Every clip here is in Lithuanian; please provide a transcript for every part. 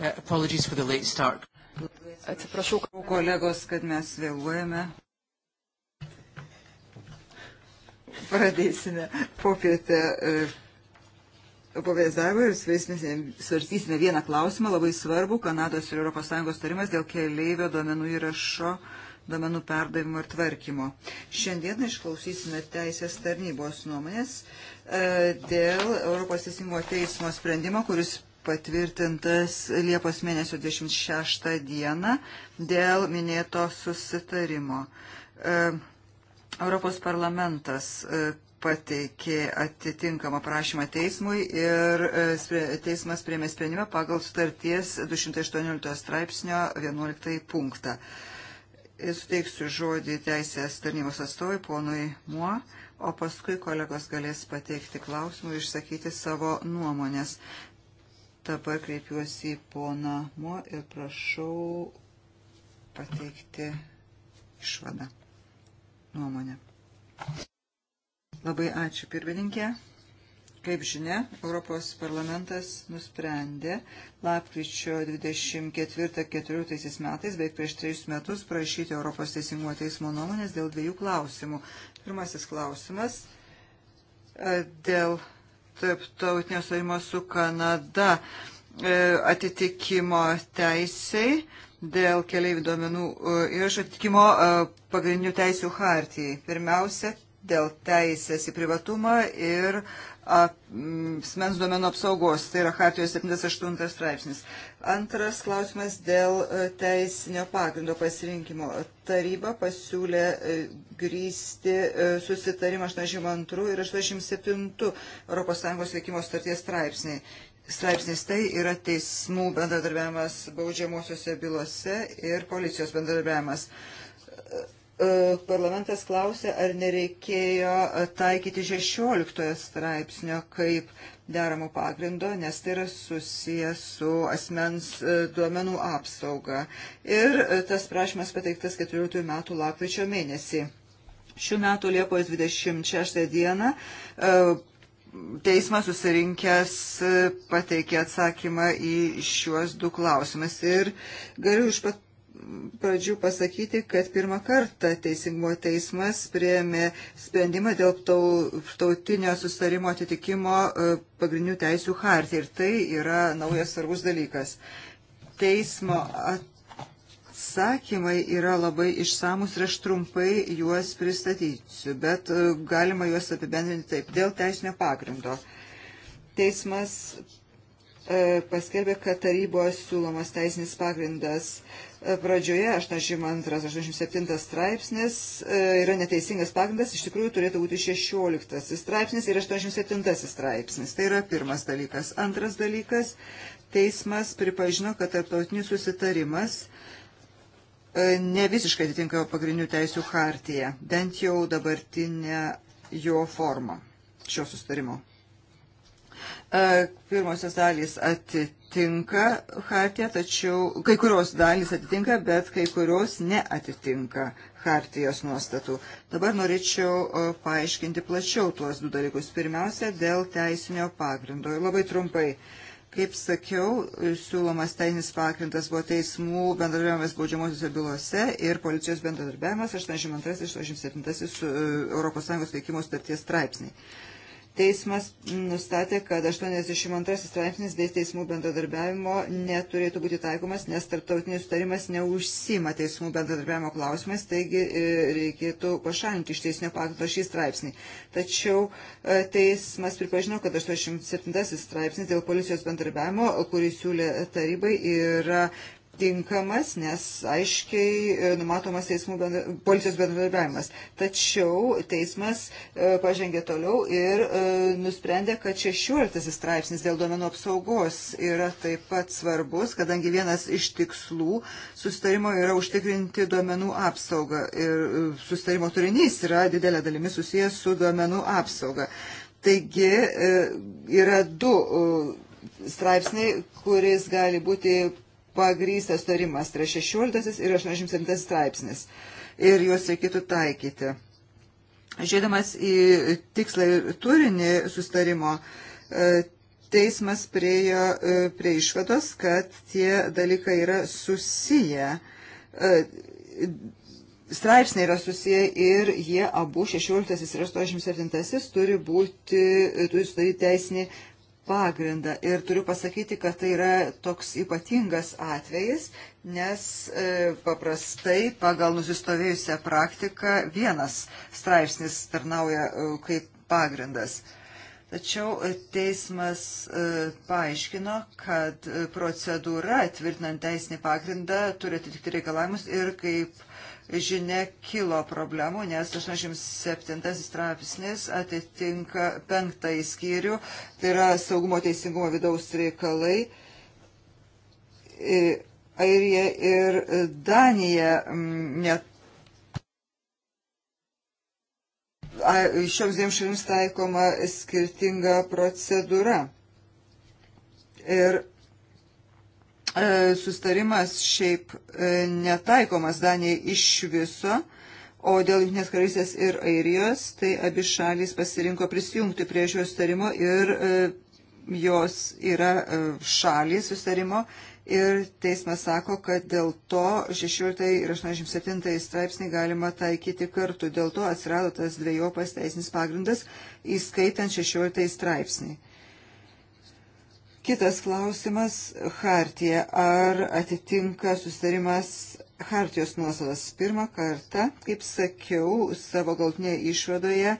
Uh, apologies for the late start. Atsiprašau, kolegos, kad mes vėluojame. Pradėsime popietę uh, Pavėzdavo ir svarstysime vieną klausimą, labai svarbu, Kanados ir ES tarimas dėl keleivio duomenų įrašo, duomenų perdavimo ir tvarkymo. Šiandien išklausysime teisės tarnybos nuomonės uh, dėl Europos teisingumo teismo sprendimo, kuris patvirtintas Liepos mėnesio 26 dieną dėl minėto susitarimo. E, Europos parlamentas e, pateikė atitinkamą prašymą teismui ir e, teismas priėmė sprendimą pagal sutarties 218 straipsnio 11 punktą. Suteiksiu žodį teisės tarnybos atstovui ponui Muo, o paskui kolegos galės pateikti klausimų ir išsakyti savo nuomonės. Dabar kreipiuosi į poną Mo ir prašau pateikti išvadą nuomonę. Labai ačiū pirmininkė. Kaip žinia, Europos parlamentas nusprendė lapkričio 24-14 metais, beveik prieš trejus metus, prašyti Europos teisingumo teismo nuomonės dėl dviejų klausimų. Pirmasis klausimas e, dėl tarptautinio sutarimo su Kanada e, atitikimo teisiai dėl keliaivių duomenų e, ir atitikimo e, pagrindinių teisių hartijai. Pirmiausia, dėl teisės į privatumą ir asmens duomenų apsaugos, tai yra Hartijos 78 straipsnis. Antras klausimas dėl e, teisinio pagrindo pasirinkimo. Taryba pasiūlė e, grįsti e, susitarimą 82 ir 87 ES veikimo starties straipsniai. Straipsnis tai yra teismų bendradarbiavimas baudžiamosiuose bylose ir policijos bendradarbiavimas E, parlamentas klausė, ar nereikėjo taikyti 16 straipsnio kaip deramo pagrindo, nes tai yra susijęs su asmens e, duomenų apsauga. Ir e, tas prašymas pateiktas 14 metų lapkričio mėnesį. Šių metų Liepos 26 dieną teismas susirinkęs pateikė atsakymą į šiuos du klausimus. Ir galiu iš pat pradžių pasakyti, kad pirmą kartą Teisingumo teismas prieėmė sprendimą dėl tautinio sustarimo atitikimo e, pagrindinių teisių hartį. Ir tai yra naujas svarbus dalykas. Teismo atsakymai yra labai išsamus ir aš trumpai juos pristatysiu, bet e, galima juos apibendrinti taip, dėl teisinio pagrindo. Teismas E, paskelbė, kad tarybos siūlomas teisinis pagrindas e, pradžioje 82-87 straipsnis e, yra neteisingas pagrindas, iš tikrųjų turėtų būti 16 straipsnis ir 87 straipsnis. Tai yra pirmas dalykas. Antras dalykas, teismas pripažino, kad tarptautinis susitarimas ne visiškai atitinka pagrindinių teisių hartiją, bent jau dabartinę jo formą šio susitarimo Pirmosios dalys atitinka hartiją, tačiau kai kurios dalys atitinka, bet kai kurios neatitinka hartijos nuostatų. Dabar norėčiau paaiškinti plačiau tuos du dalykus. Pirmiausia, dėl teisinio pagrindo. Ir labai trumpai. Kaip sakiau, siūlomas teisinis pagrindas buvo teismų bendradarbiavimas baudžiamosiuose bylose ir policijos bendradarbiavimas 82-87 ES veikimo starties straipsniai. Teismas nustatė, kad 82 straipsnis bei teismų bendradarbiavimo neturėtų būti taikomas, nes tarptautinis sutarimas neužsima teismų bendradarbiavimo klausimais, taigi e, reikėtų pašalinti iš teisinio pakto šį straipsnį. Tačiau e, teismas pripažino, kad 87 straipsnis dėl policijos bendradarbiavimo, kurį siūlė tarybai, yra tinkamas, nes aiškiai e, numatomas teismų bendra, policijos bendradarbiavimas. Tačiau teismas e, pažengė toliau ir e, nusprendė, kad 16 straipsnis dėl duomenų apsaugos yra taip pat svarbus, kadangi vienas iš tikslų sustarimo yra užtikrinti duomenų apsaugą ir e, sustarimo turinys yra didelė dalimi susijęs su duomenų apsauga. Taigi e, yra du e, straipsniai, kuris gali būti pagrystas tarimas, tai yra 16 ir 87 straipsnis. Ir juos reikėtų taikyti. Žiūrėdamas į tikslą ir turinį sustarimo, e, teismas priejo e, prie išvados, kad tie dalykai yra susiję. E, straipsniai yra susiję ir jie abu 16 ir 87 turi būti, turi sudaryti teisinį pagrindą. Ir turiu pasakyti, kad tai yra toks ypatingas atvejis, nes e, paprastai pagal nusistovėjusią praktiką vienas straipsnis tarnauja e, kaip pagrindas. Tačiau teismas e, paaiškino, kad procedūra tvirtinant teisinį pagrindą turi atitikti reikalavimus ir kaip žinia kilo problemų, nes 87 straipsnis atitinka penktąjį skyrių, tai yra saugumo teisingumo vidaus reikalai. Airija ir Danija mm, net. Šioms dviem šalims taikoma skirtinga procedūra. Ir E, sustarimas šiaip e, netaikomas Danijai iš viso, o dėl Junktinės karalystės ir Airijos, tai abi šalys pasirinko prisijungti prie šio sustarimo ir e, jos yra šalys sustarimo ir teismas sako, kad dėl to 16 ir 87 straipsnį galima taikyti kartu. Dėl to atsirado tas dviejopas teisinis pagrindas, įskaitant 16 straipsnį. Kitas klausimas – Hartija. Ar atitinka sustarimas Hartijos nuosadas? Pirmą kartą, kaip sakiau, savo galtinėje išvadoje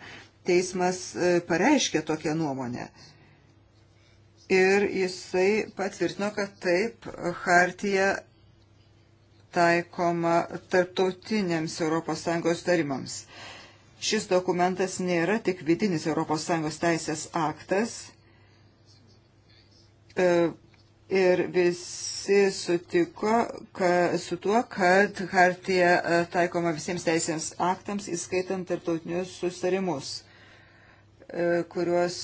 teismas e, pareiškė tokią nuomonę. Ir jisai patvirtino, kad taip, Hartija taikoma tarptautiniams ES tarimams. Šis dokumentas nėra tik vidinis ES teisės aktas – E, ir visi sutiko ka, su tuo, kad hartija e, taikoma visiems teisėms aktams, įskaitant tarptautinius sustarimus, e, kuriuos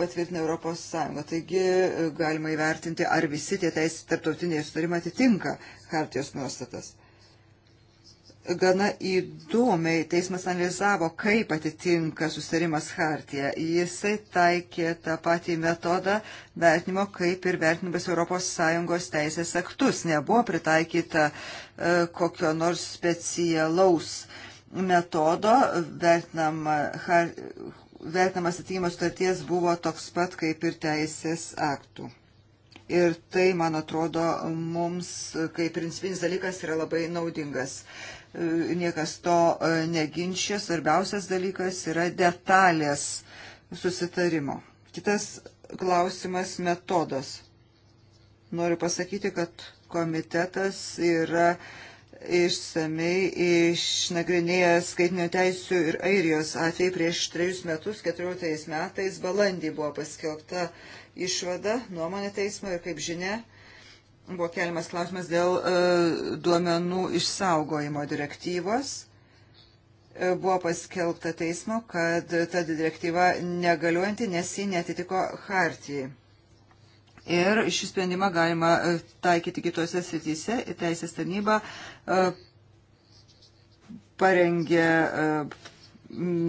patvirtina Europos Sąjunga. Taigi galima įvertinti, ar visi tie teisės tarptautiniai sustarimai atitinka hartijos nuostatas gana įdomiai teismas analizavo, kaip atitinka susitarimas Hartija. Jisai taikė tą patį metodą vertinimo, kaip ir vertinimas ES teisės aktus. Nebuvo pritaikyta e, kokio nors specialaus metodo. Vertinama, har, vertinamas atitikimas sutarties buvo toks pat kaip ir teisės aktų. Ir tai, man atrodo, mums kaip principinis dalykas yra labai naudingas. Niekas to e, neginčia. Svarbiausias dalykas yra detalės susitarimo. Kitas klausimas - metodas. Noriu pasakyti, kad komitetas yra išsamei išnagrinėję skaitinio teisų ir Airijos atvejai prieš trejus metus, 14 metais, balandį buvo paskelbta išvada nuomonė teismo ir, kaip žinia, buvo keliamas klausimas dėl e, duomenų išsaugojimo direktyvos. E, buvo paskelbta teismo, kad ta direktyva negaliuojanti, nes ji netitiko hartijai. Ir šį sprendimą galima e, taikyti kitose srityse. Teisės tarnyba e, parengė e,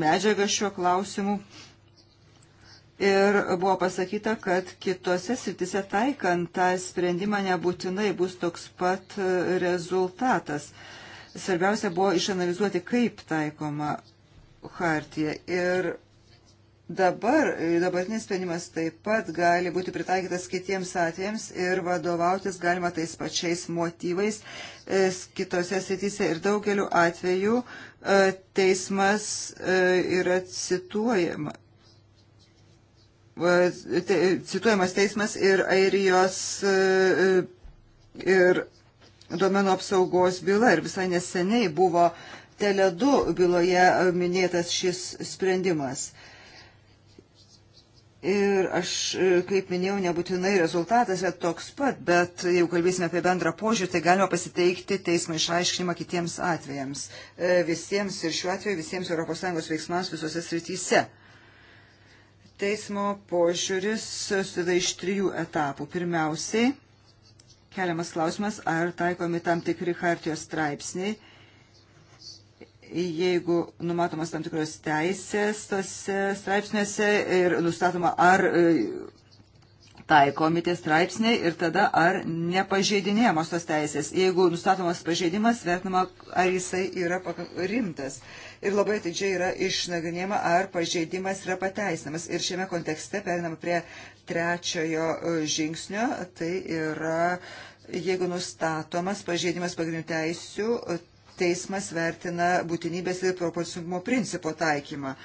medžiagą šiuo klausimu. Ir buvo pasakyta, kad kitose sritise taikant tą sprendimą nebūtinai bus toks pat rezultatas. Svarbiausia buvo išanalizuoti, kaip taikoma hartija. Ir Dabar e, dabartinis sprendimas taip pat gali būti pritaikytas kitiems atvejams ir vadovautis galima tais pačiais motyvais e, kitose srityse. Ir daugeliu atveju e, teismas yra cituojama. Cituojamas teismas ir airijos ir duomenų apsaugos byla ir visai neseniai buvo Tele2 byloje minėtas šis sprendimas. Ir aš, e, kaip minėjau, nebūtinai rezultatas yra toks pat, bet jeigu kalbėsime apie bendrą požiūrį, tai galima pasiteikti teismo išaiškinimą kitiems atvejams. E, visiems ir šiuo atveju visiems ES veiksmams visose srityse. Teismo požiūris susideda iš trijų etapų. Pirmiausiai, keliamas klausimas, ar taikomi tam tikri hartijos straipsniai jeigu numatomas tam tikros teisės tose straipsniuose ir nustatoma, ar e, taikomi tie straipsniai ir tada ar nepažeidinėjamos tos teisės. Jeigu nustatomas pažeidimas, vertinama, ar jisai yra rimtas. Ir labai atidžiai yra išnagrinėjama, ar pažeidimas yra pateisinamas. Ir šiame kontekste perinam prie trečiojo e, žingsnio, tai yra jeigu nustatomas pažeidimas pagrindinių teisių, teismas vertina būtinybės ir proporcingumo principo taikymą.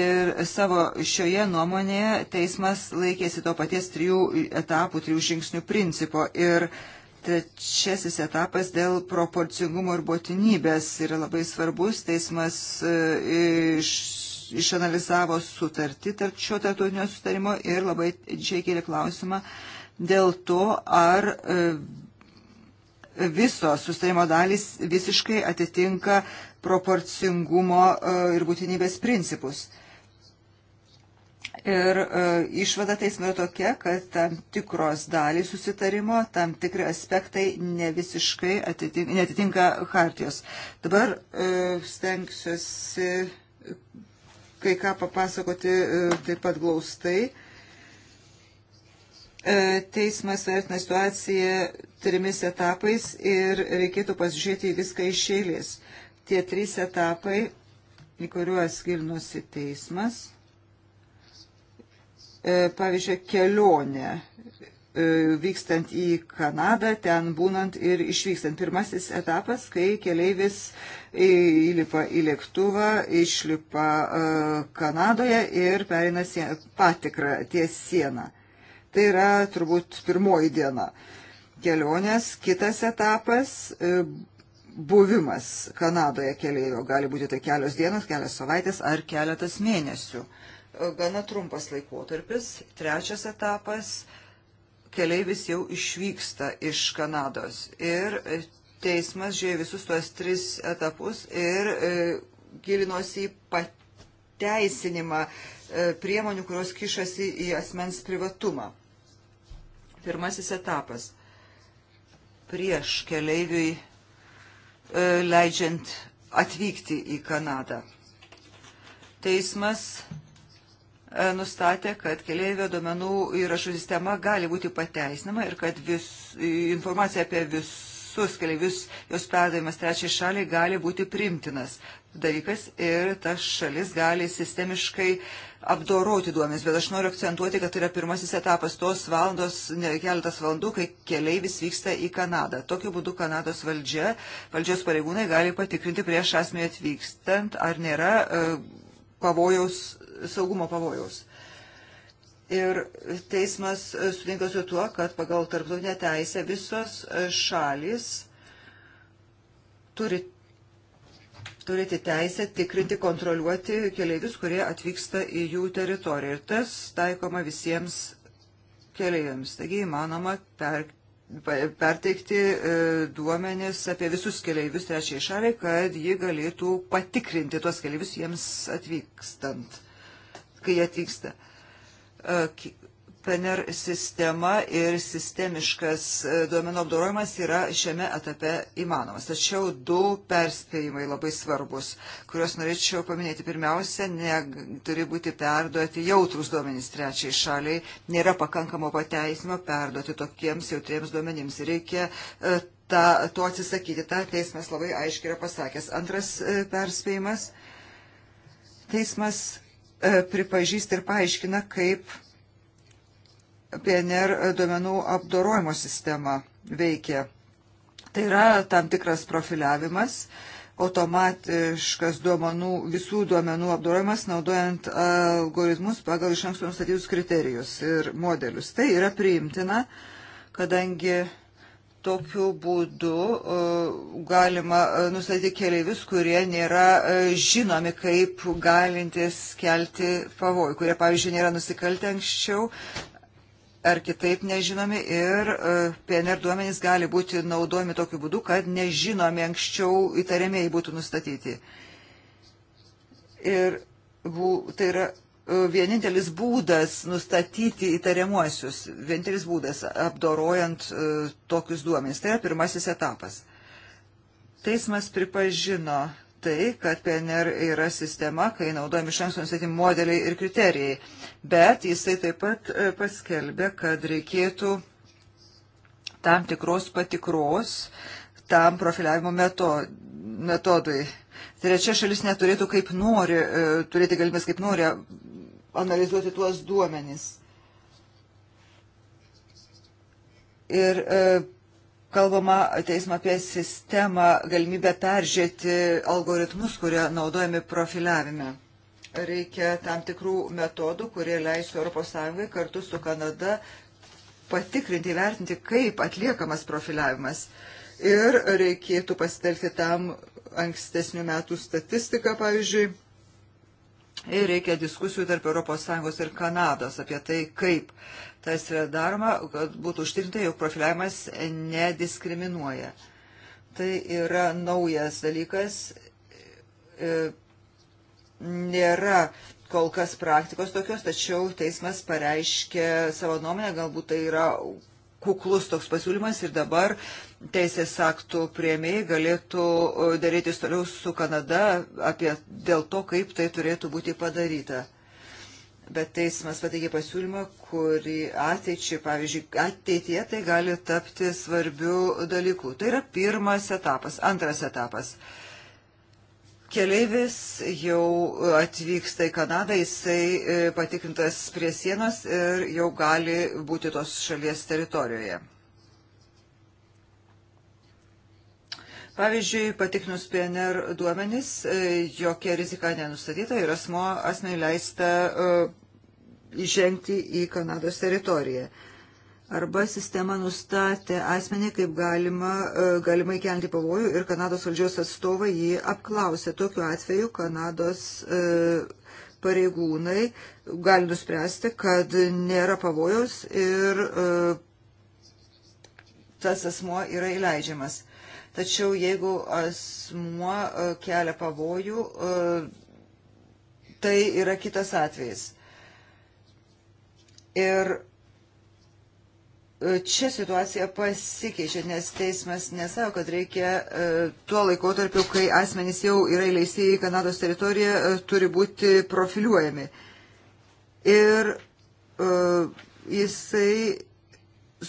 Ir savo šioje nuomonėje teismas laikėsi to paties trijų etapų, trijų žingsnių principo. Ir trečiasis etapas dėl proporcingumo ir būtinybės yra labai svarbus. Teismas e, iš, išanalizavo sutartį tarp šio tarptautinio sutarimo ir labai čia kėlė klausimą dėl to, ar e, visos sustarimo dalys visiškai atitinka proporcingumo e, ir būtinybės principus. Ir e, išvada teismo yra tokia, kad tam tikros dalys susitarimo, tam tikri aspektai ne visiškai atitinka, netitinka hartijos. Dabar e, stengsiuosi kai ką papasakoti e, taip pat glaustai. E, teismas vertina situaciją trimis etapais ir reikėtų pasižiūrėti į viską iš eilės. Tie trys etapai, į kuriuos gilinosi teismas, e, pavyzdžiui, kelionė e, vykstant į Kanadą, ten būnant ir išvykstant. Pirmasis etapas, kai keleivis įlipa į lėktuvą, išlipa e, Kanadoje ir perina patikrą ties sieną. Tai yra turbūt pirmoji diena. Uh, kelionės, kitas etapas e, buvimas Kanadoje keleivio. Gali būti tai kelios dienos, kelios savaitės ar keletas mėnesių. E, gana trumpas laikotarpis. Trečias etapas keleivis jau išvyksta iš Kanados. Ir e, teismas žiūrėjo visus tuos tris etapus ir e, gilinosi į pateisinimą e, priemonių, kurios kišasi į asmens privatumą. Pirmasis etapas – prieš keleiviui e, leidžiant atvykti į Kanadą. Teismas e, nustatė, kad keleivio duomenų įrašų sistema gali būti pateisinama ir kad vis, informacija apie visus keleivius, jos perdavimas trečiai šaliai gali būti primtinas dalykas ir ta šalis gali sistemiškai apdoroti duomenis, bet aš noriu akcentuoti, kad tai yra pirmasis etapas tos valandos, ne keletas valandų, kai keleivis vyksta į Kanadą. Tokiu būdu Kanados valdžia, valdžios pareigūnai gali patikrinti prieš asmenį atvykstant, ar nėra e, pavojaus, saugumo pavojaus. Ir teismas e, sutinka su tuo, kad pagal tarptautinę teisę visos e, šalis turi turėti teisę tikrinti, kontroliuoti keleivius, kurie atvyksta į jų teritoriją. Ir tas taikoma visiems keleiviams. Taigi įmanoma per, perteikti e, duomenis apie visus keleivius trečiai šaliai, kad ji galėtų patikrinti tuos keleivius jiems atvykstant, kai jie atvyksta. E, PNR sistema ir sistemiškas e, duomenų apdorojimas yra šiame etape įmanomas. Tačiau du perspėjimai labai svarbus, kuriuos norėčiau paminėti. Pirmiausia, ne, turi būti perduoti jautrus duomenys trečiai šaliai. Nėra pakankamo pateisimo perduoti tokiems jautriems duomenims. Reikia e, tą, to atsisakyti. Ta teismas labai aiškiai yra pasakęs. Antras e, perspėjimas. Teismas pripažįsta ir paaiškina, kaip PNR duomenų apdorojimo sistema veikia. Tai yra tam tikras profiliavimas, automatiškas duomenų, visų duomenų apdorojimas naudojant algoritmus pagal iš anksto nustatytus kriterijus ir modelius. Tai yra priimtina, kadangi tokiu būdu e, galima e, nustatyti keliaivius, kurie nėra e, žinomi kaip galintis kelti pavojų, kurie, pavyzdžiui, nėra nusikaltę anksčiau, ar kitaip nežinomi ir e, PNR duomenys gali būti naudojami tokiu būdu, kad nežinomi anksčiau įtariamieji būtų nustatyti. Ir tai yra e, vienintelis būdas nustatyti įtariamuosius, vienintelis būdas apdorojant e, tokius duomenys. Tai yra pirmasis etapas. Teismas pripažino tai, kad PNR yra sistema, kai naudojami iš anksto nustatyti modeliai ir kriterijai. Bet jisai taip pat e, paskelbė, kad reikėtų tam tikros patikros tam profiliavimo metodui. Trečia šalis neturėtų kaip nori, e, turėti galimės kaip nori analizuoti tuos duomenis. Ir e, kalbama teismo apie sistemą, galimybę peržiūrėti algoritmus, kurie naudojami profiliavime. Reikia tam tikrų metodų, kurie leisų ES kartu su Kanada patikrinti, įvertinti, kaip atliekamas profiliavimas. Ir reikėtų pasitelkti tam ankstesnių metų statistiką, pavyzdžiui Ir reikia diskusijų tarp ES ir Kanados apie tai, kaip tas yra daroma, kad būtų užtikrinta, jog profiliavimas nediskriminuoja. Tai yra naujas dalykas. E, nėra kol kas praktikos tokios, tačiau teismas pareiškė savo nuomonę, galbūt tai yra kuklus toks pasiūlymas ir dabar teisės aktų prieimėjai galėtų darėtis toliau su Kanada apie dėl to, kaip tai turėtų būti padaryta. Bet teismas pateikė pasiūlymą, kurį ateičiai, pavyzdžiui, ateityje tai gali tapti svarbių dalykų. Tai yra pirmas etapas. Antras etapas. Uh, Keleivis jau atvyksta į Kanadą, jisai e, patikrintas prie sienos ir jau gali būti tos šalies teritorijoje. Pavyzdžiui, patikrinus PNR duomenis, e, jokia rizika nenustatyta ir asmo asmeniai leista e, įžengti į Kanados teritoriją arba sistema nustatė asmenį, kaip galima, e, galimai kelti pavojų ir Kanados valdžios atstovai jį apklausė. Tokiu atveju Kanados e, pareigūnai gali nuspręsti, kad nėra pavojaus ir e, tas asmo yra įleidžiamas. Tačiau jeigu asmuo kelia pavojų, tai yra kitas atvejis. Ir Čia situacija pasikeičia, nes teismas nesako, kad reikia e, tuo laikotarpiu, kai asmenys jau yra įleisti į Kanados teritoriją, e, turi būti profiliuojami. Ir e, jisai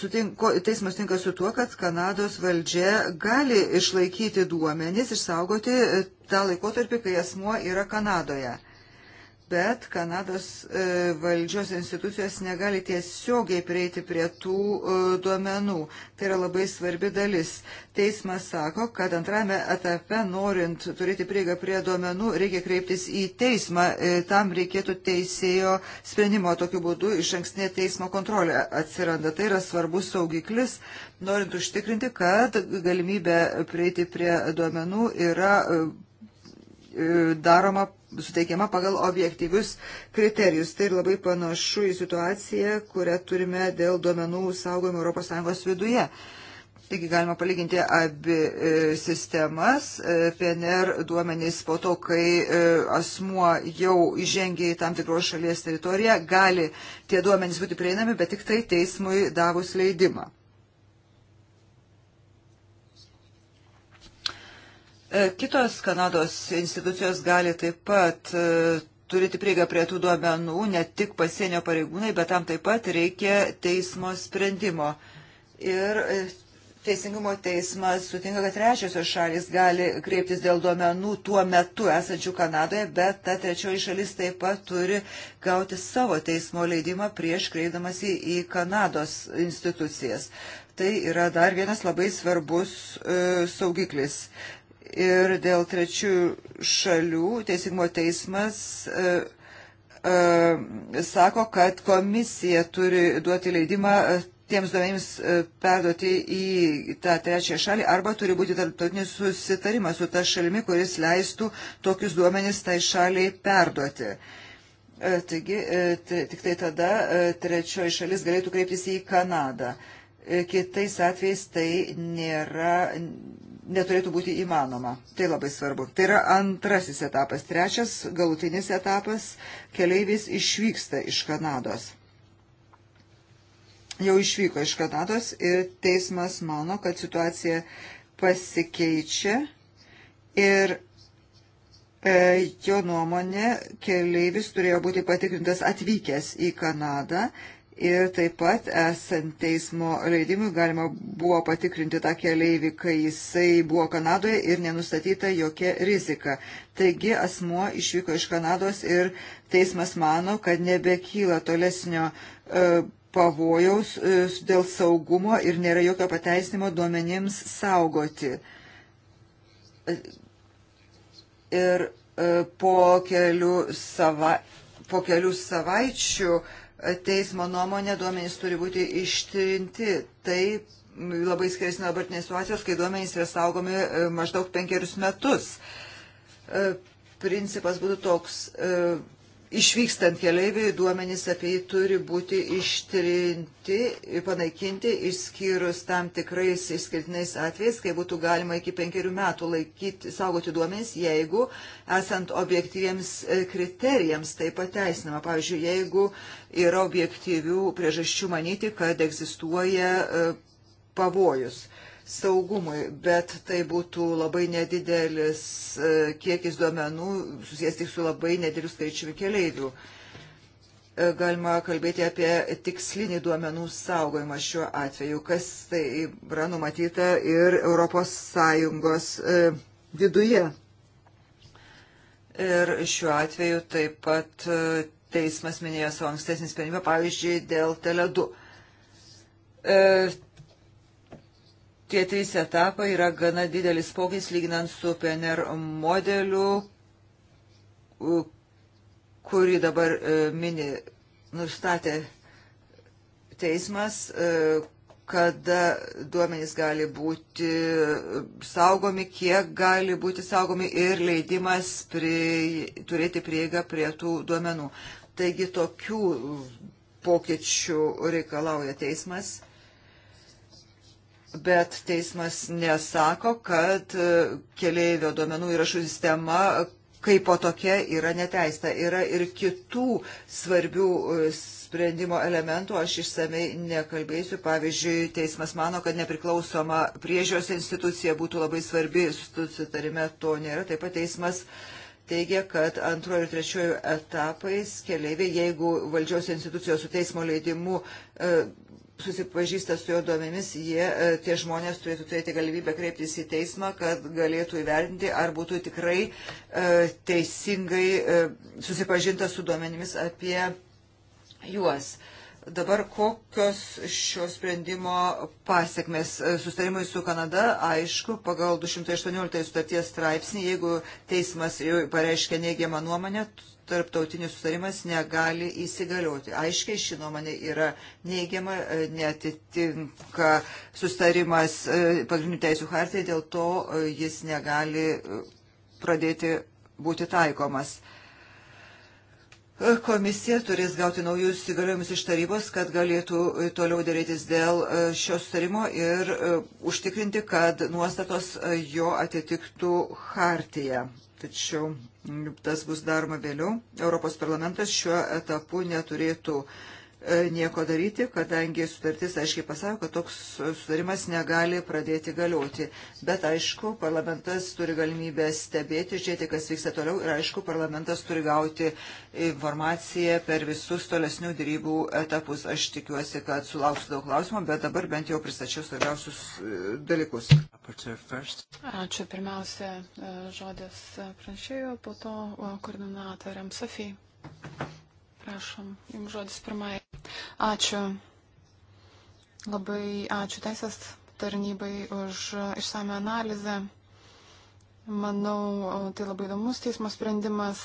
sutinko, teismas tinka su tuo, kad Kanados valdžia gali išlaikyti duomenis, išsaugoti tą laikotarpį, kai asmuo yra Kanadoje bet Kanados e, valdžios institucijos negali tiesiogiai prieiti prie tų e, duomenų. Tai yra labai svarbi dalis. Teismas sako, kad antrame etape, norint turėti prieigą prie duomenų, reikia kreiptis į teismą. E, tam reikėtų teisėjo sprendimo. Tokiu būdu iš ankstinė teismo kontrolė atsiranda. Tai yra svarbus saugiklis, norint užtikrinti, kad galimybė prieiti prie duomenų yra E, daroma, suteikiama pagal objektyvius kriterijus. Tai ir labai panašu į situaciją, kurią turime dėl duomenų saugojimo ES viduje. Taigi galima palyginti abi e, sistemas. E, PNR duomenys po to, kai asmuo jau įžengia į tam tikros šalies teritoriją, gali tie duomenys būti prieinami, bet tik tai teismui davus leidimą. E, kitos Kanados institucijos gali taip pat e, turėti prieigą prie tų duomenų, ne tik pasienio pareigūnai, bet tam taip pat reikia teismo sprendimo. Ir e, Teisingumo teismas sutinka, kad trečiosios šalis gali kreiptis dėl duomenų tuo metu esančių Kanadoje, bet ta trečioji šalis taip pat turi gauti savo teismo leidimą prieš kreidamasi į Kanados institucijas. Tai yra dar vienas labai svarbus e, saugiklis ir dėl trečių šalių teisingumo teismas e, e, sako, kad komisija turi duoti leidimą e, tiems duomenims perduoti į tą trečią šalį arba turi būti tarptautinis susitarimas su ta šalimi, kuris leistų tokius duomenis tai šaliai perduoti. Taigi, tik tai tada trečioji šalis galėtų kreiptis į Kanadą. Kitais atvejais tai nėra neturėtų būti įmanoma. Tai labai svarbu. Tai yra antrasis etapas. Trečias, galutinis etapas, keleivis išvyksta iš Kanados. Jau išvyko iš Kanados ir teismas mano, kad situacija pasikeičia ir e, jo nuomonė keleivis turėjo būti patikrintas atvykęs į Kanadą Ir taip pat esant teismo leidimui galima buvo patikrinti tą keleivį, kai jisai buvo Kanadoje ir nenustatyta jokia rizika. Taigi asmuo išvyko iš Kanados ir teismas mano, kad nebekyla tolesnio e, pavojaus e, dėl saugumo ir nėra jokio pateisnimo duomenims saugoti. Ir e, po kelių, sava, po kelių savaičių e, teismo nuomonė duomenys turi būti ištrinti. Tai labai skiriasi nuo dabartinės situacijos, kai duomenys yra saugomi e, maždaug penkerius metus. E, principas būtų toks e, išvykstant keleiviui duomenys apie jį turi būti ištrinti, panaikinti, išskyrus tam tikrais išskirtinais atvejais, kai būtų galima iki penkerių metų laikyti, saugoti duomenys, jeigu esant objektyviems e, kriterijams tai pateisinama. Pavyzdžiui, jeigu yra objektyvių priežasčių manyti, kad egzistuoja e, pavojus saugumui, bet tai būtų labai nedidelis e, kiekis duomenų, susijęs tik su labai nedideliu skaičiumi keleivių. E, galima kalbėti apie tikslinį duomenų saugojimą šiuo atveju, kas tai yra numatyta ir ES e, viduje. Ir šiuo atveju taip pat teismas minėjo savo ankstesnį sprendimą, pavyzdžiui, dėl Tele2 tie trys etapai yra gana didelis pokytis lyginant su PNR modeliu, kurį dabar e, mini nustatė teismas, e, kada duomenys gali būti saugomi, kiek gali būti saugomi ir leidimas prie, turėti prieigą prie tų duomenų. Taigi tokių pokyčių reikalauja teismas bet teismas nesako, kad e, keleivio duomenų įrašų sistema kaip po tokia yra neteista. Yra ir kitų svarbių e, sprendimo elementų, aš išsamei nekalbėsiu. Pavyzdžiui, teismas mano, kad nepriklausoma priežios institucija būtų labai svarbi, susitarime to nėra. Taip pat teismas teigia, kad antrojo ir trečiojo etapais keliaiviai, jeigu valdžios institucijos su teismo leidimu e, susipažįsta su jo duomenimis, jie, e, tie žmonės turėtų turėti galimybę kreiptis į teismą, kad galėtų įvertinti, ar būtų tikrai e, teisingai e, susipažinta su duomenimis apie juos. Dabar kokios šio sprendimo pasiekmes sustarimui su Kanada, aišku, pagal 218 sutarties straipsnį, jeigu teismas pareiškia neigiamą nuomonę, tarptautinis sutarimas negali įsigalioti. Aiškiai ši nuomonė yra neigiama, e, netitinka sutarimas e, pagrindinių teisų hartai, dėl to e, jis negali pradėti būti taikomas. Komisija turės gauti naujus įgaliojimus iš tarybos, kad galėtų toliau dėrėtis dėl šio sutarimo ir užtikrinti, kad nuostatos jo atitiktų hartiją tačiau mm, tas bus daroma vėliau. Europos parlamentas šiuo etapu neturėtų E, nieko daryti, kadangi sutartis aiškiai pasako, kad toks sutarimas negali pradėti galioti. Bet aišku, parlamentas turi galimybę stebėti, žiūrėti, kas vyksta toliau ir aišku, parlamentas turi gauti informaciją per visus tolesnių dėrybų etapus. Aš tikiuosi, kad sulauksiu daug klausimų, bet dabar bent jau pristačiau svarbiausius e, dalykus. Ačiū. Pirmiausia, e, žodis pranešėjo, po to koordinatoriam Sofijai. Prašom, jums žodis pirmai. Ačiū. Labai ačiū teisės tarnybai už išsame analizę. Manau, tai labai įdomus teismo sprendimas.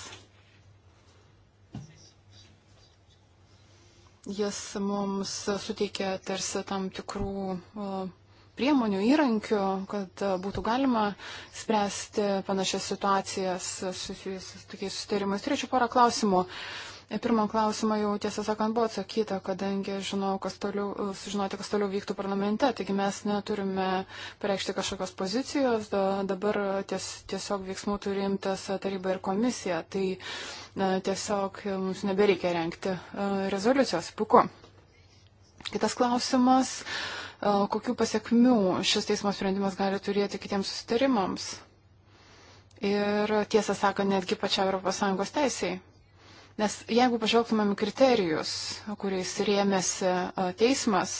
Jis mums suteikė tarsi tam tikrų priemonių, įrankių, kad būtų galima spręsti panašias situacijas susijusias su tokiais susitarimais. Turėčiau porą klausimų. Uh, Pirmą klausimą jau tiesą sakant buvo atsakyta, kadangi žinau, kas toliau, sužinoti, kas toliau vyktų parlamente, taigi mes neturime pareikšti kažkokios pozicijos, dabar ties, tiesiog veiksmų turi imtas taryba ir komisija, tai na, tiesiog mums nebereikia renkti e, rezoliucijos. Puku. Kitas klausimas, e, kokiu pasiekmių šis teismo sprendimas gali turėti kitiems susitarimams? Ir tiesą sakant, netgi pačia ES teisėjai. Nes jeigu pažvelgtumėm kriterijus, kuriais rėmėsi teismas,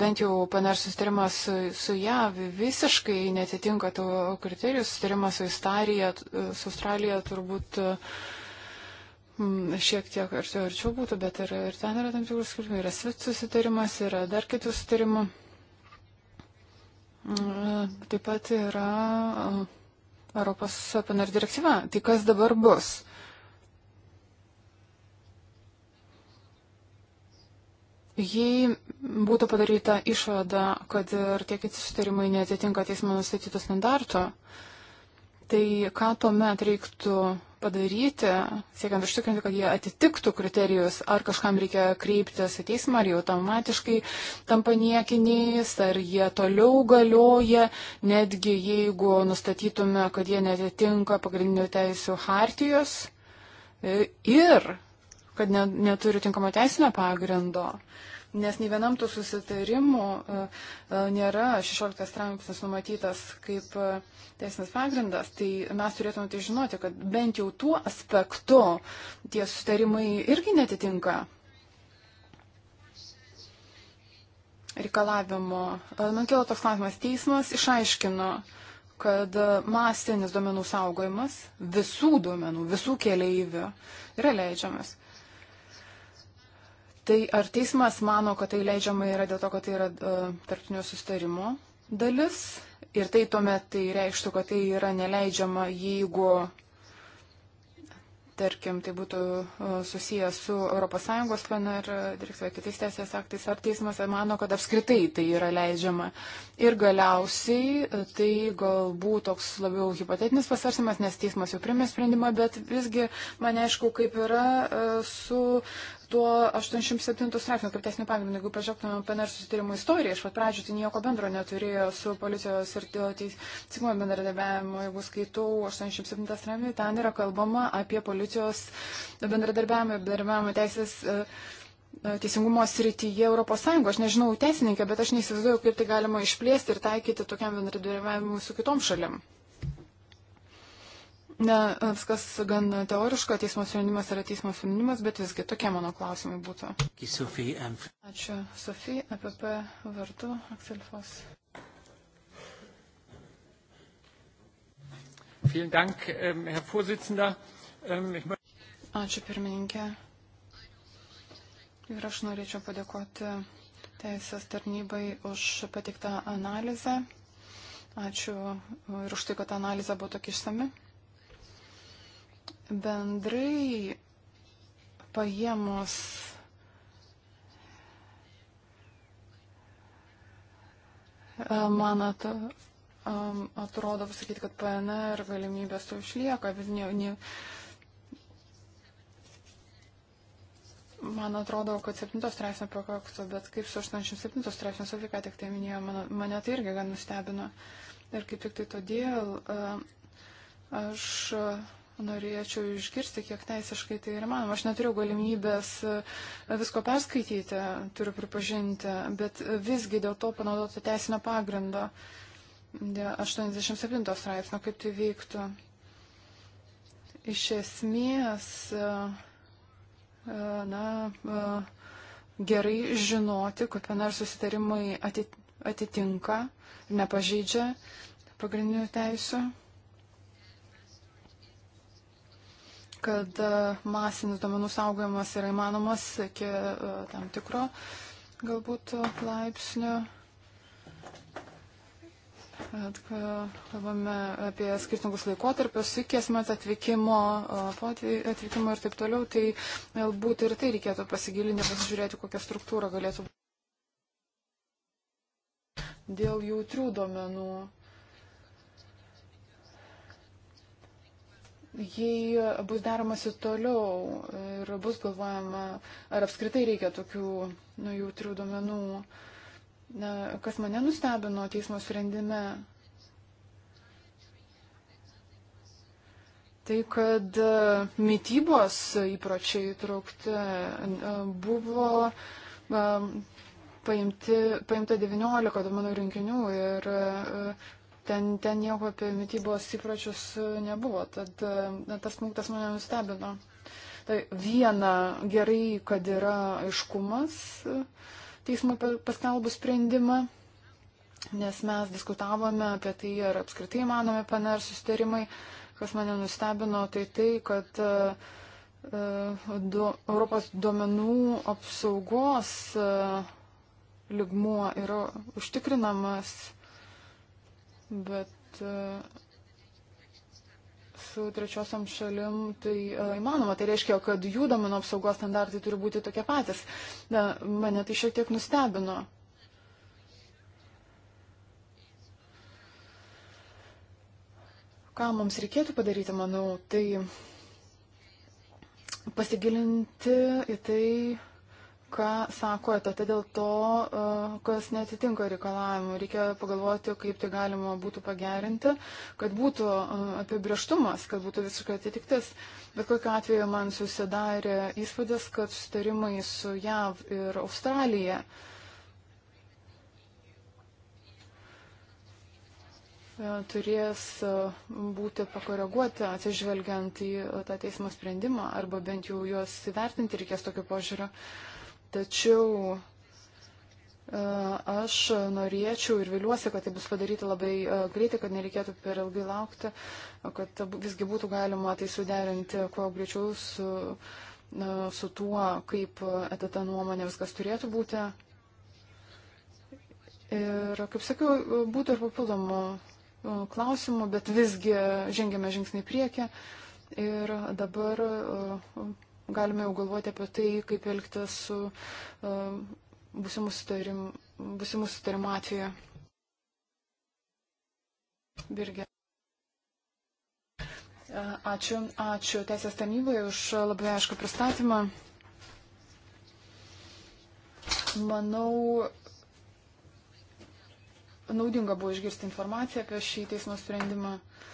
bent jau PNR sustarimas su, su JAV visiškai netitinka to kriterijų. Sustarimas su Australija, su Australija turbūt šiek tiek arčiau, arčiau būtų, bet ir, ir ten yra tam tikrų skirtumų. Yra SWIFT susitarimas, yra dar kitų sutarimų. Taip pat yra Europos PNR direktyva. Tai kas dabar bus? Jei būtų padaryta išvada, kad ir tie kiti sutarimai netitinka teismo nustatyto standarto, tai ką tuomet reiktų padaryti, siekiant užtikrinti, kad jie atitiktų kriterijus, ar kažkam reikia kreiptis į teismą, ar jie automatiškai tampa niekiniais, ar jie toliau galioja, netgi jeigu nustatytume, kad jie netitinka pagrindinių teisų hartijos. E, ir kad ne, neturi tinkamo teisinio pagrindo. Nes nei vienam tų susitarimų e, e, nėra 16 straipsnis numatytas kaip e, teisinis pagrindas, tai mes turėtume tai žinoti, kad bent jau tuo aspektu tie susitarimai irgi netitinka reikalavimo. Man kilo toks klausimas. Teismas išaiškino, kad masinis duomenų saugojimas visų duomenų, visų keleivių yra leidžiamas. Tai ar teismas mano, kad tai leidžiama yra dėl to, kad tai yra e, tarptinio sustarimo dalis? Ir tai tuomet tai reikštų, kad tai yra neleidžiama, jeigu, tarkim, tai būtų e, susijęs su ES PNR direktyva kitais teisės aktais, ar teismas mano, kad apskritai tai yra leidžiama. Ir galiausiai e, tai galbūt toks labiau hipotetinis pasarsimas, nes teismas jau primė sprendimą, bet visgi man aišku, kaip yra su tuo 87 straipsniu kaip teisiniu pagrindu, jeigu pažiūrėtume PNR susitarimų istoriją, iš pat pradžių tai nieko bendro neturėjo su policijos ir teismo bendradarbiavimu. Jeigu skaitau 87 straipsnį, ten yra kalbama apie policijos bendradarbiavimą ir bendradarbiavimo teisės. E, e, teisingumo srityje Europos Sąjungo, aš nežinau teisininkė, bet aš neįsivaizduoju, kaip tai galima išplėsti ir taikyti tokiam bendradarbiavimui su kitom šalim ne, viskas gan teoriška, teismo sprendimas yra teismo sprendimas, bet visgi tokie mano klausimai būtų. Ačiū, Sofija, APP e vardu, Akselfos. Vielen Dank, ähm, Herr Vorsitzender. Ähm, ich Ačiū pirmininkė. Ir aš norėčiau padėkoti Teisės tarnybai už patiktą analizę. Ačiū ir už tai, kad analizė buvo tokia išsami. Bendrai paėmus e, man atrodo, e, atrodo pasakyti, kad PNR galimybės to išlieka, bet ne, ne, man atrodo, kad 7 straipsnio pakaktų, bet kaip su 87 straipsnio savika tik tai minėjo, man, mane tai irgi gan nustebino. Ir kaip tik tai todėl e, aš. Uh, Norėčiau išgirsti, kiek teisiškai tai yra manoma. Aš neturiu galimybės e, visko perskaityti, turiu pripažinti, bet visgi dėl to panaudoti teisinio pagrindo. 87 straipsnio, kaip tai veiktų. Iš esmės, e, e, na, gerai žinoti, kokie nors susitarimai atitinka, nepažeidžia pagrindinių teisų kad e, masinis duomenų saugojimas yra įmanomas iki e, tam tikro galbūt e, laipsnio. Kalbame apie skirtingus laikotarpius, iki esmės atvykimo, po atvykimo ir taip toliau, tai galbūt ir tai reikėtų pasigilinti, pasižiūrėti, kokią struktūrą galėtų būti. Dėl jautrių duomenų jei bus daromasi toliau ir bus galvojama, ar apskritai reikia tokių nu, jautrių duomenų. Na, kas mane nustebino teismo sprendime, tai kad mytybos įpročiai įtraukti e, buvo e, paimti, paimta 19 duomenų rinkinių ir e, ten, ten nieko apie mytybos įpročius nebuvo, tad na, tas punktas mane nustebino. Tai viena gerai, kad yra aiškumas teismo paskelbus sprendimą, nes mes diskutavome apie tai, ar apskritai manome PNR sustarimai. Kas mane nustebino, tai tai, kad uh, du, Europos duomenų apsaugos uh, e, ligmuo yra užtikrinamas bet e, su trečiosiam šalim tai e, įmanoma. Tai reiškia, kad jų domenų apsaugos standartai turi būti tokie patys. Na, mane tai šiek tiek nustebino. Ką mums reikėtų padaryti, manau, tai pasigilinti į tai, ką sako etate tai dėl to, e, kas netitinka reikalavimų. Reikia pagalvoti, kaip tai galima būtų pagerinti, kad būtų e, apibrieštumas, kad būtų visiškai atitiktis. Bet kokiu atveju man susidarė įspūdis, kad sutarimai su JAV ir Australija e, turės būti pakoreguoti atsižvelgiant į tą teismo sprendimą arba bent jau juos įvertinti reikės tokiu požiūriu. Uh, Tačiau e, Aš norėčiau ir viliuosi, kad tai bus padaryti labai e, greitai, kad nereikėtų per ilgai laukti, kad visgi būtų galima tai suderinti kuo greičiau su, e, su tuo, kaip etata nuomonė viskas turėtų būti. Ir, kaip sakiau, būtų ir papildomų klausimų, bet visgi žengėme žingsnį į priekį. Ir dabar galime jau galvoti apie tai, kaip elgtis su uh, e, būsimų sutarimų atveju. Birgė. E, ačiū, ačiū Teisės tarnybai už labai aišku pristatymą. Manau, naudinga buvo išgirsti informaciją apie šį teismo sprendimą. Uh,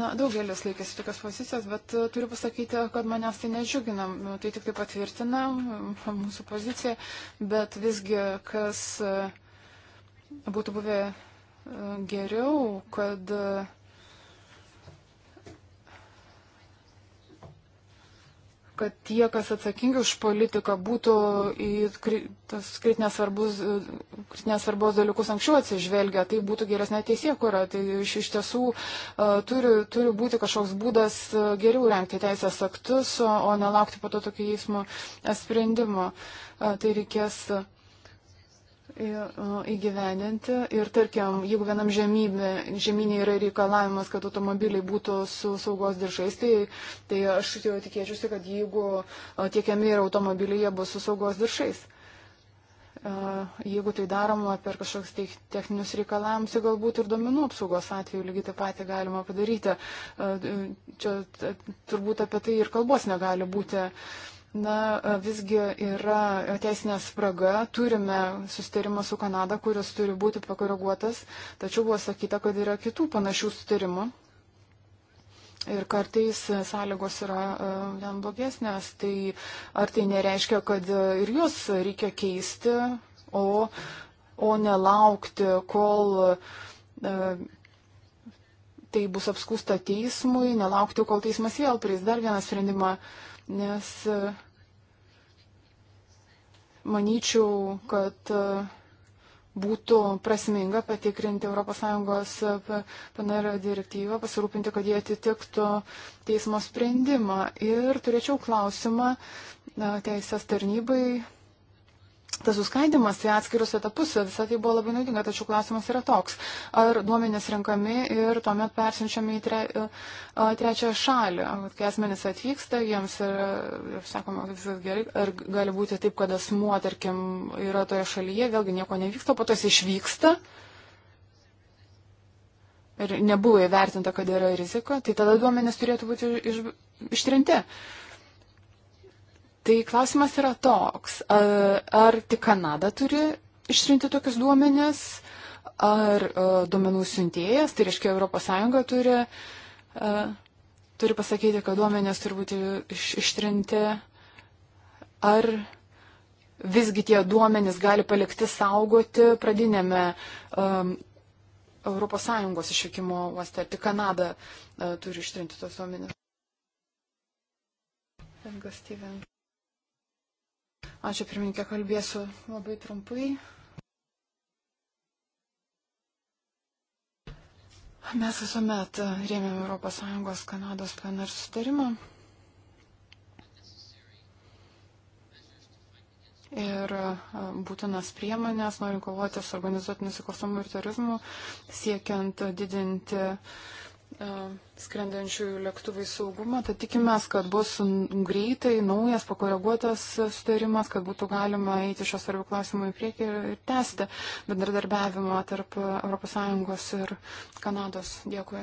Na, daugelis laikėsi tokios pozicijos, bet e, turiu pasakyti, kad manęs tai nedžiugina. Nu, tai tik tai patvirtina mūsų poziciją, bet visgi, kas e, būtų buvę e, geriau, kad uh, kad tie, kas atsakingi už politiką, būtų į tas kritinės svarbus, kritinės svarbos dalykus anksčiau atsižvelgia, tai būtų geresnė teisėkura. Tai iš, iš tiesų turi, turi būti kažkoks būdas geriau renkti teisės aktus, o, o nelaukti po to tokio teismo sprendimo. Tai reikės įgyveninti. Ir tarkim, jeigu vienam žemybė, žemynė yra reikalavimas, kad automobiliai būtų su saugos diržais, tai, tai aš tikėčiausi, kad jeigu tiekiami yra automobiliai, jie bus su saugos diržais. Jeigu tai daroma per kažkokius techninius reikalavimus, tai galbūt ir domenų apsaugos atveju lygiai tą patį galima padaryti. Čia turbūt apie tai ir kalbos negali būti. Uh, Na, visgi yra teisinė spraga, turime sustarimą su Kanada, kuris turi būti pakoreguotas, tačiau buvo sakyta, kad yra kitų panašių sustarimų. Ir kartais sąlygos yra vien blogesnės, tai ar tai nereiškia, kad ir juos reikia keisti, o, o nelaukti, kol tai bus apskusta teismui, nelaukti, kol teismas vėl prieis dar vieną sprendimą, nes manyčiau, kad e, būtų prasminga patikrinti ES e, PNR direktyvą, pasirūpinti, kad jie atitiktų teismo sprendimą. Ir turėčiau klausimą e, teisės tarnybai, tas suskaidimas į atskirus etapus, visą tai buvo labai naudinga, tačiau klausimas yra toks, ar duomenės renkami ir tuomet persinčiami į tre, trečią šalį. Kai asmenys atvyksta, jiems yra, sakoma, viskas gerai, ar gali būti taip, kad asmuo, tarkim, yra toje šalyje, vėlgi nieko nevyksta, po to jis išvyksta. Ir nebuvo įvertinta, kad yra rizika, tai tada duomenės turėtų būti iš, ištrinti. Iš Tai klausimas yra toks, ar tik Kanada turi išrinkti tokius duomenis, ar duomenų siuntėjas, tai reiškia ES turi, turi pasakyti, kad duomenės turi būti iš, ištrinti, ar visgi tie duomenys gali palikti saugoti pradinėme um, ES išvykimo uoste, ar tik Kanada uh, turi ištrinti tos duomenys. Thank you, Steven. Ačiū pirmininkė, kalbėsiu labai trumpai. Mes visuomet rėmėm ES Kanados PNR sutarimą. Ir būtinas priemonės, norint kovoti su organizuotų nusikalstamų ir terorizmų, siekiant didinti uh, E, skrendančiųjų lėktuvai saugumą, tad tikimės, kad bus greitai naujas pakoreguotas sutarimas, kad būtų galima eiti šios svarbių klausimų į priekį ir, ir tęsti bendradarbiavimą tarp ES ir Kanados. Dėkui.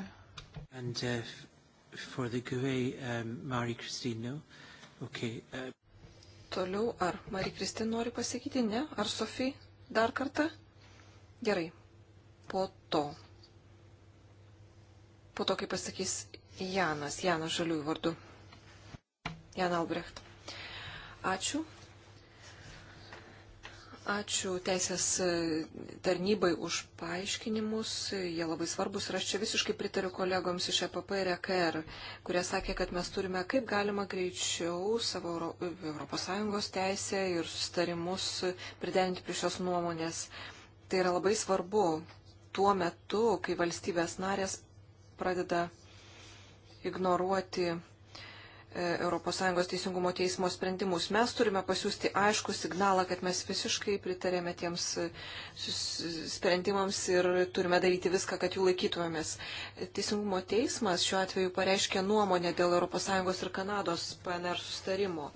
And, uh, GUE, e, um, okay, uh... Toliau, ar Marija Kristin nori pasakyti, ne? Ar Sofija dar kartą? Gerai. Po to po to, kai pasakys Janas, Janas Žaliųjų vardu. Jan Albrecht. Ačiū. Ačiū teisės e, tarnybai už paaiškinimus, jie labai svarbus ir aš čia visiškai pritariu kolegoms iš EPP ir EKR, kurie sakė, kad mes turime kaip galima greičiau savo ES teisę ir sustarimus priderinti prie šios nuomonės. Tai yra labai svarbu tuo metu, kai valstybės narės pradeda ignoruoti ES teisingumo teismo sprendimus. Mes turime pasiūsti aišku signalą, kad mes visiškai pritarėme tiems e, sprendimams ir turime daryti viską, kad jų laikytumėmės. E, teisingumo teismas šiuo atveju pareiškė nuomonę dėl ES ir Kanados PNR sustarimo.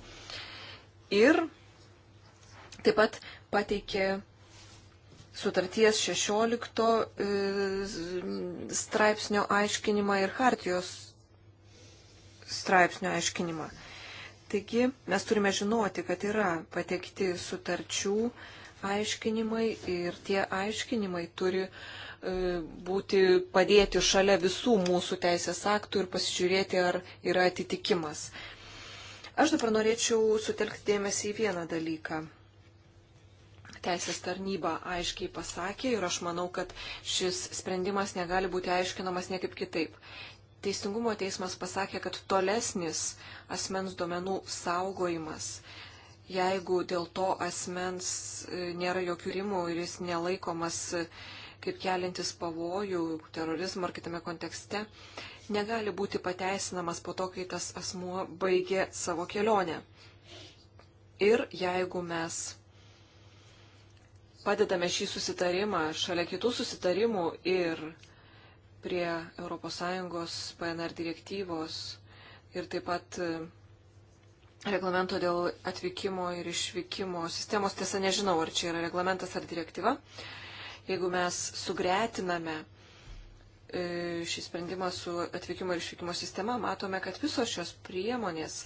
Ir taip pat pateikė sutarties 16 e, straipsnio aiškinimą ir hartijos straipsnio aiškinimą. Taigi mes turime žinoti, kad yra patekti sutarčių aiškinimai ir tie aiškinimai turi e, būti padėti šalia visų mūsų teisės aktų ir pasižiūrėti, ar yra atitikimas. Aš dabar norėčiau sutelkti dėmesį į vieną dalyką teisės tarnyba aiškiai pasakė ir aš manau, kad šis sprendimas negali būti aiškinamas niekaip kitaip. Teisingumo teismas pasakė, kad tolesnis asmens duomenų saugojimas, jeigu dėl to asmens e, nėra jokių rimų ir jis nelaikomas e, kaip kelintis pavojų terorizmo ar kitame kontekste, negali būti pateisinamas po to, kai tas asmuo baigė savo kelionę. Ir jeigu mes padedame šį susitarimą šalia kitų susitarimų ir prie ES PNR direktyvos ir taip pat e, reglamento dėl atvykimo ir išvykimo sistemos. Tiesa, nežinau, ar čia yra reglamentas ar direktyva. Jeigu mes sugretiname e, šį sprendimą su atvykimo ir išvykimo sistema, matome, kad visos šios priemonės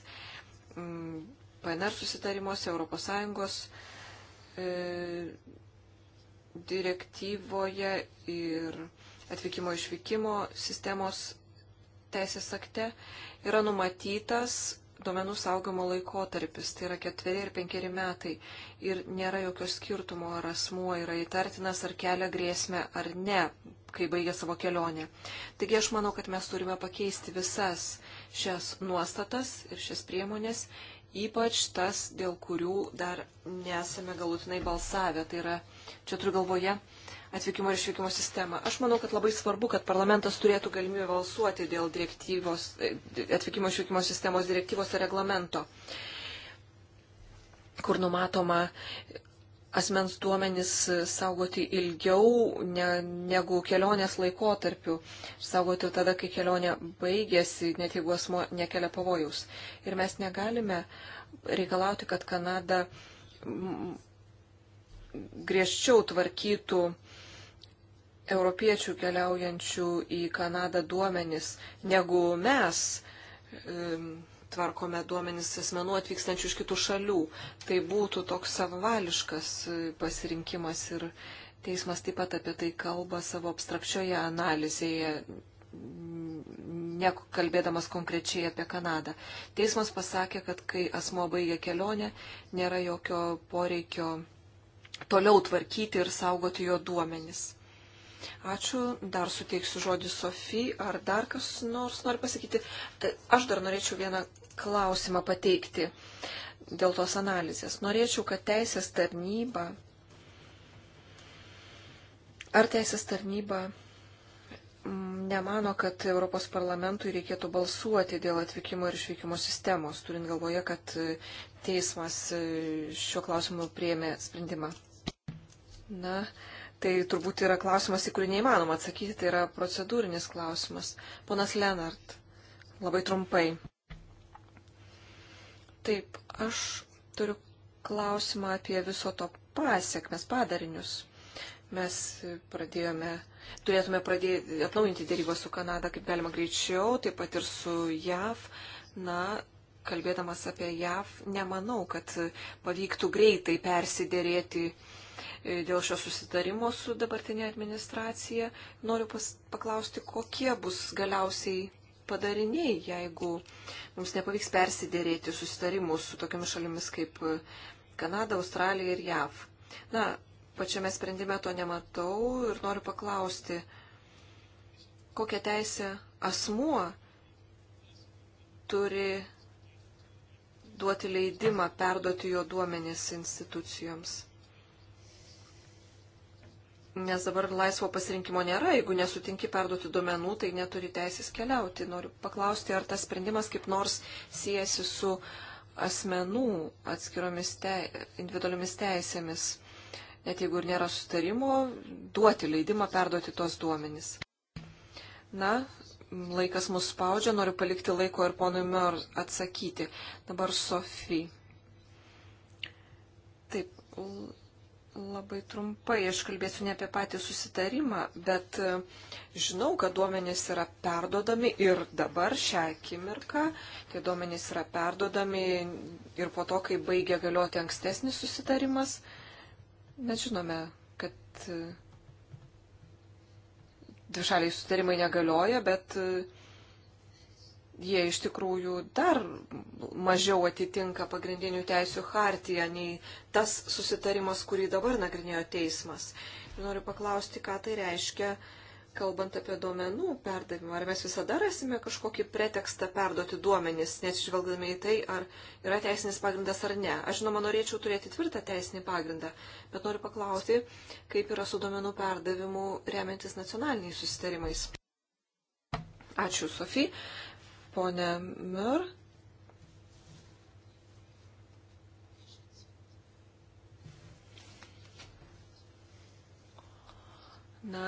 PNR susitarimuose, ES direktyvoje ir atvykimo išvykimo sistemos teisės akte yra numatytas duomenų saugimo laikotarpis, tai yra ketveri ir penkeri metai. Ir nėra jokio skirtumo, ar asmuo yra įtartinas, ar kelia grėsmę, ar ne, kai baigia savo kelionę. Taigi aš manau, kad mes turime pakeisti visas šias nuostatas ir šias priemonės, ypač tas, dėl kurių dar nesame galutinai balsavę. Tai yra Čia turiu galvoje atvykimo ir išvykimo sistemą. Aš manau, kad labai svarbu, kad parlamentas turėtų galimybę balsuoti dėl e, atvykimo ir išvykimo sistemos direktyvos ir reglamento, kur numatoma asmens duomenys saugoti ilgiau ne, negu kelionės laikotarpiu, saugoti tada, kai kelionė baigėsi, net jeigu asmo nekelia pavojaus. Ir mes negalime reikalauti, kad Kanada griežčiau tvarkytų europiečių keliaujančių į Kanadą duomenis, negu mes tvarkome duomenis asmenų atvykstančių iš kitų šalių. Tai būtų toks savavališkas e, pasirinkimas ir teismas taip pat apie tai kalba savo abstrakčioje analizėje, nekalbėdamas konkrečiai apie Kanadą. Teismas pasakė, kad kai asmo baigia kelionę, nėra jokio poreikio toliau tvarkyti ir saugoti jo duomenis. Ačiū, dar suteiksiu žodį Sofijai. Ar dar kas nors nori pasakyti? E, aš dar norėčiau vieną klausimą pateikti dėl tos analizės. Norėčiau, kad teisės tarnyba. Ar teisės tarnyba mm, nemano, kad Europos parlamentui reikėtų balsuoti dėl atvykimo ir išvykimo sistemos, turint galvoje, kad e, teismas e, šiuo klausimu prieėmė sprendimą? Na, tai turbūt yra klausimas, į kurį neįmanoma atsakyti, tai yra procedūrinis klausimas. Ponas Lenart, labai trumpai. Taip, aš turiu klausimą apie viso to pasiekmes, padarinius. Mes pradėjome, turėtume pradėti atnaujinti dėrybą su Kanada kaip galima greičiau, taip pat ir su JAV. Na, kalbėdamas apie JAV, nemanau, kad pavyktų greitai persidėrėti uh, E, dėl šio susitarimo su dabartinė administracija. Noriu pas, paklausti, kokie bus galiausiai padariniai, jeigu mums nepavyks persidėrėti susitarimus su tokiamis šalimis kaip e, Kanada, Australija ir JAV. Na, pačiame sprendime to nematau ir noriu paklausti, kokią teisę asmuo turi duoti leidimą perduoti jo duomenis institucijoms. Nes dabar laisvo pasirinkimo nėra, jeigu nesutinki perduoti duomenų, tai neturi teisės keliauti. Noriu paklausti, ar tas sprendimas kaip nors siejasi su asmenų atskiromis te, individualiomis teisėmis, net jeigu ir nėra sutarimo, duoti leidimą perduoti tos duomenys. Na, laikas mus spaudžia, noriu palikti laiko ir ponui Mör atsakyti. Dabar Sofija. Taip, Labai trumpai, aš kalbėsiu ne apie patį susitarimą, bet e, žinau, kad duomenys yra perdodami ir dabar šią akimirką tie duomenys yra perdodami ir po to, kai baigia galioti ankstesnis susitarimas, mes žinome, kad e, dvišaliai susitarimai negalioja, bet uh, jie iš tikrųjų dar mažiau atitinka pagrindinių teisų hartiją nei tas susitarimas, kurį dabar nagrinėjo teismas. Ir noriu paklausti, ką tai reiškia, kalbant apie duomenų perdavimą. Ar mes visada rasime kažkokį pretekstą perduoti duomenis, nesižvelgdami į tai, ar yra teisinis pagrindas ar ne. Aš žinoma, norėčiau turėti tvirtą teisinį pagrindą, bet noriu paklausti, kaip yra su duomenų perdavimu remiantis nacionaliniais susitarimais. Ačiū, Sofija ponė Mir. Na.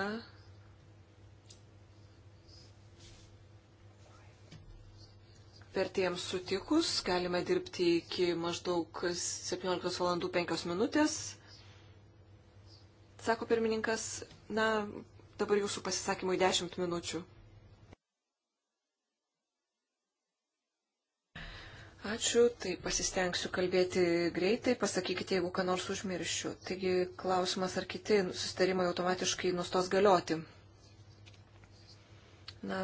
Vertėjams sutikus galime dirbti iki maždaug 17 valandų 5 minutės. Sako pirmininkas, na, dabar jūsų pasisakymui 10 minučių. Ačiū, tai pasistengsiu kalbėti greitai, pasakykite, jeigu ką nors užmiršiu. Taigi klausimas, ar kiti sustarimai automatiškai nustos galioti. Na,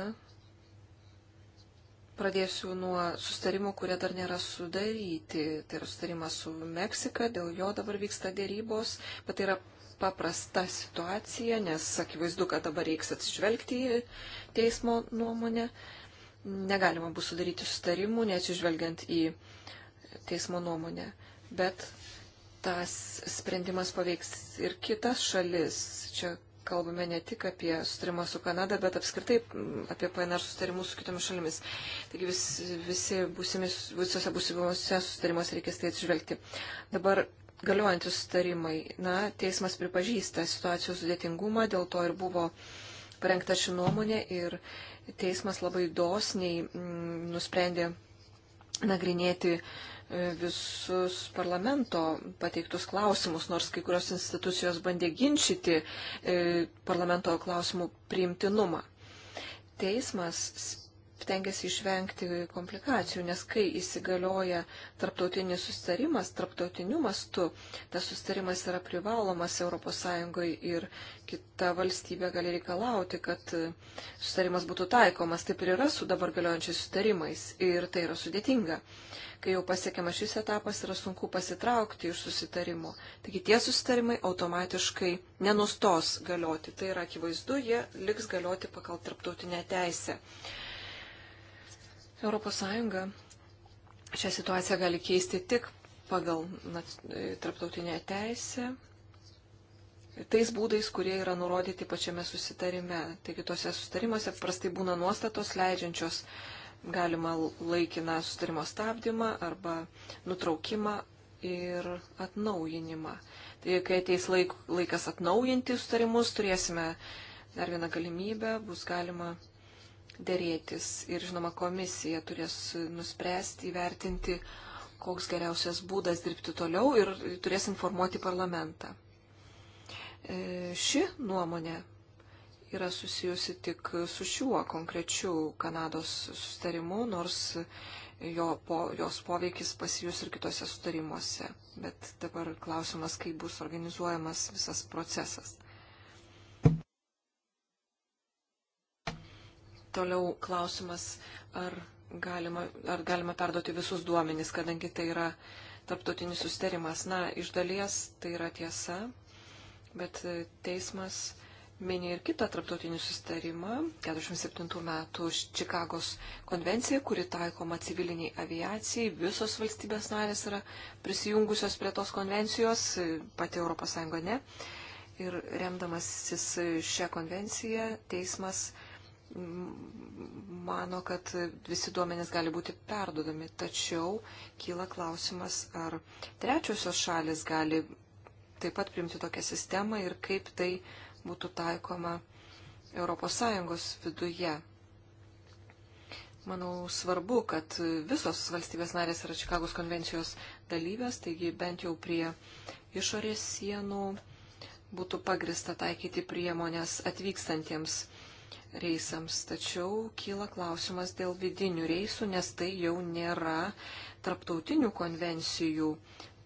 pradėsiu nuo sustarimų, kurie dar nėra sudaryti. Tai yra sustarimas su Meksika, dėl jo dabar vyksta dėrybos, bet tai yra paprasta situacija, nes akivaizdu, kad dabar reiks atsižvelgti į teismo nuomonę negalima bus sudaryti sustarimų, neatsižvelgiant į teismo nuomonę. Bet tas sprendimas paveiks ir kitas šalis. Čia kalbame ne tik apie sustarimą su Kanada, bet apskritai mm, apie PNR sustarimus su kitomis šalimis. Taigi vis, visi būsimis, visose būsimose sustarimuose reikės tai atsižvelgti. Dabar galiuojantys sustarimai. Na, teismas pripažįsta situacijos sudėtingumą, dėl to ir buvo parengta ši nuomonė ir teismas labai dosniai mm, nusprendė nagrinėti e, visus parlamento pateiktus klausimus, nors kai kurios institucijos bandė ginčyti e, parlamento klausimų priimtinumą. Teismas tengiasi išvengti komplikacijų, nes kai įsigalioja tarptautinis sustarimas, tarptautiniu mastu, tas sustarimas yra privalomas ES ir kita valstybė gali reikalauti, kad sustarimas būtų taikomas. Taip ir yra su dabar galiojančiais sustarimais ir tai yra sudėtinga. Kai jau pasiekiamas šis etapas, yra sunku pasitraukti iš susitarimo. Taigi tie susitarimai automatiškai nenustos galioti. Tai yra akivaizdu, jie liks galioti pagal tarptautinę teisę. ES šią situaciją gali keisti tik pagal e, tarptautinę teisę, tais būdais, kurie yra nurodyti pačiame susitarime. Taigi tuose susitarimuose prastai būna nuostatos leidžiančios galima laikiną susitarimo stabdymą arba nutraukimą ir atnaujinimą. Tai kai ateis laik, laikas atnaujinti sutarimus, turėsime dar vieną galimybę, bus galima dėrėtis ir, žinoma, komisija turės nuspręsti, įvertinti, koks geriausias būdas dirbti toliau ir turės informuoti parlamentą. E, ši nuomonė yra susijusi tik su šiuo konkrečiu Kanados sustarimu, nors jo, po, jos poveikis pasijus ir kitose sustarimuose. Bet dabar klausimas, kaip bus organizuojamas visas procesas. Toliau klausimas, ar galima, ar galima perduoti visus duomenys, kadangi tai yra tarptautinis susitarimas. Na, iš dalies tai yra tiesa, bet teismas mini ir kitą tarptautinį susitarimą, 47 metų Čikagos konvenciją, kuri taikoma civiliniai aviacijai. Visos valstybės narės yra prisijungusios prie tos konvencijos, pati ES ne. Ir remdamasis šią konvenciją, teismas mano, kad visi duomenys gali būti perdodami, tačiau kyla klausimas, ar trečiosios šalis gali taip pat priimti tokią sistemą ir kaip tai būtų taikoma ES viduje. Manau, svarbu, kad visos valstybės narės yra Čikagos konvencijos dalyvės, taigi bent jau prie išorės sienų būtų pagrista taikyti priemonės atvykstantiems reisams, tačiau kyla klausimas dėl vidinių reisų, nes tai jau nėra tarptautinių konvencijų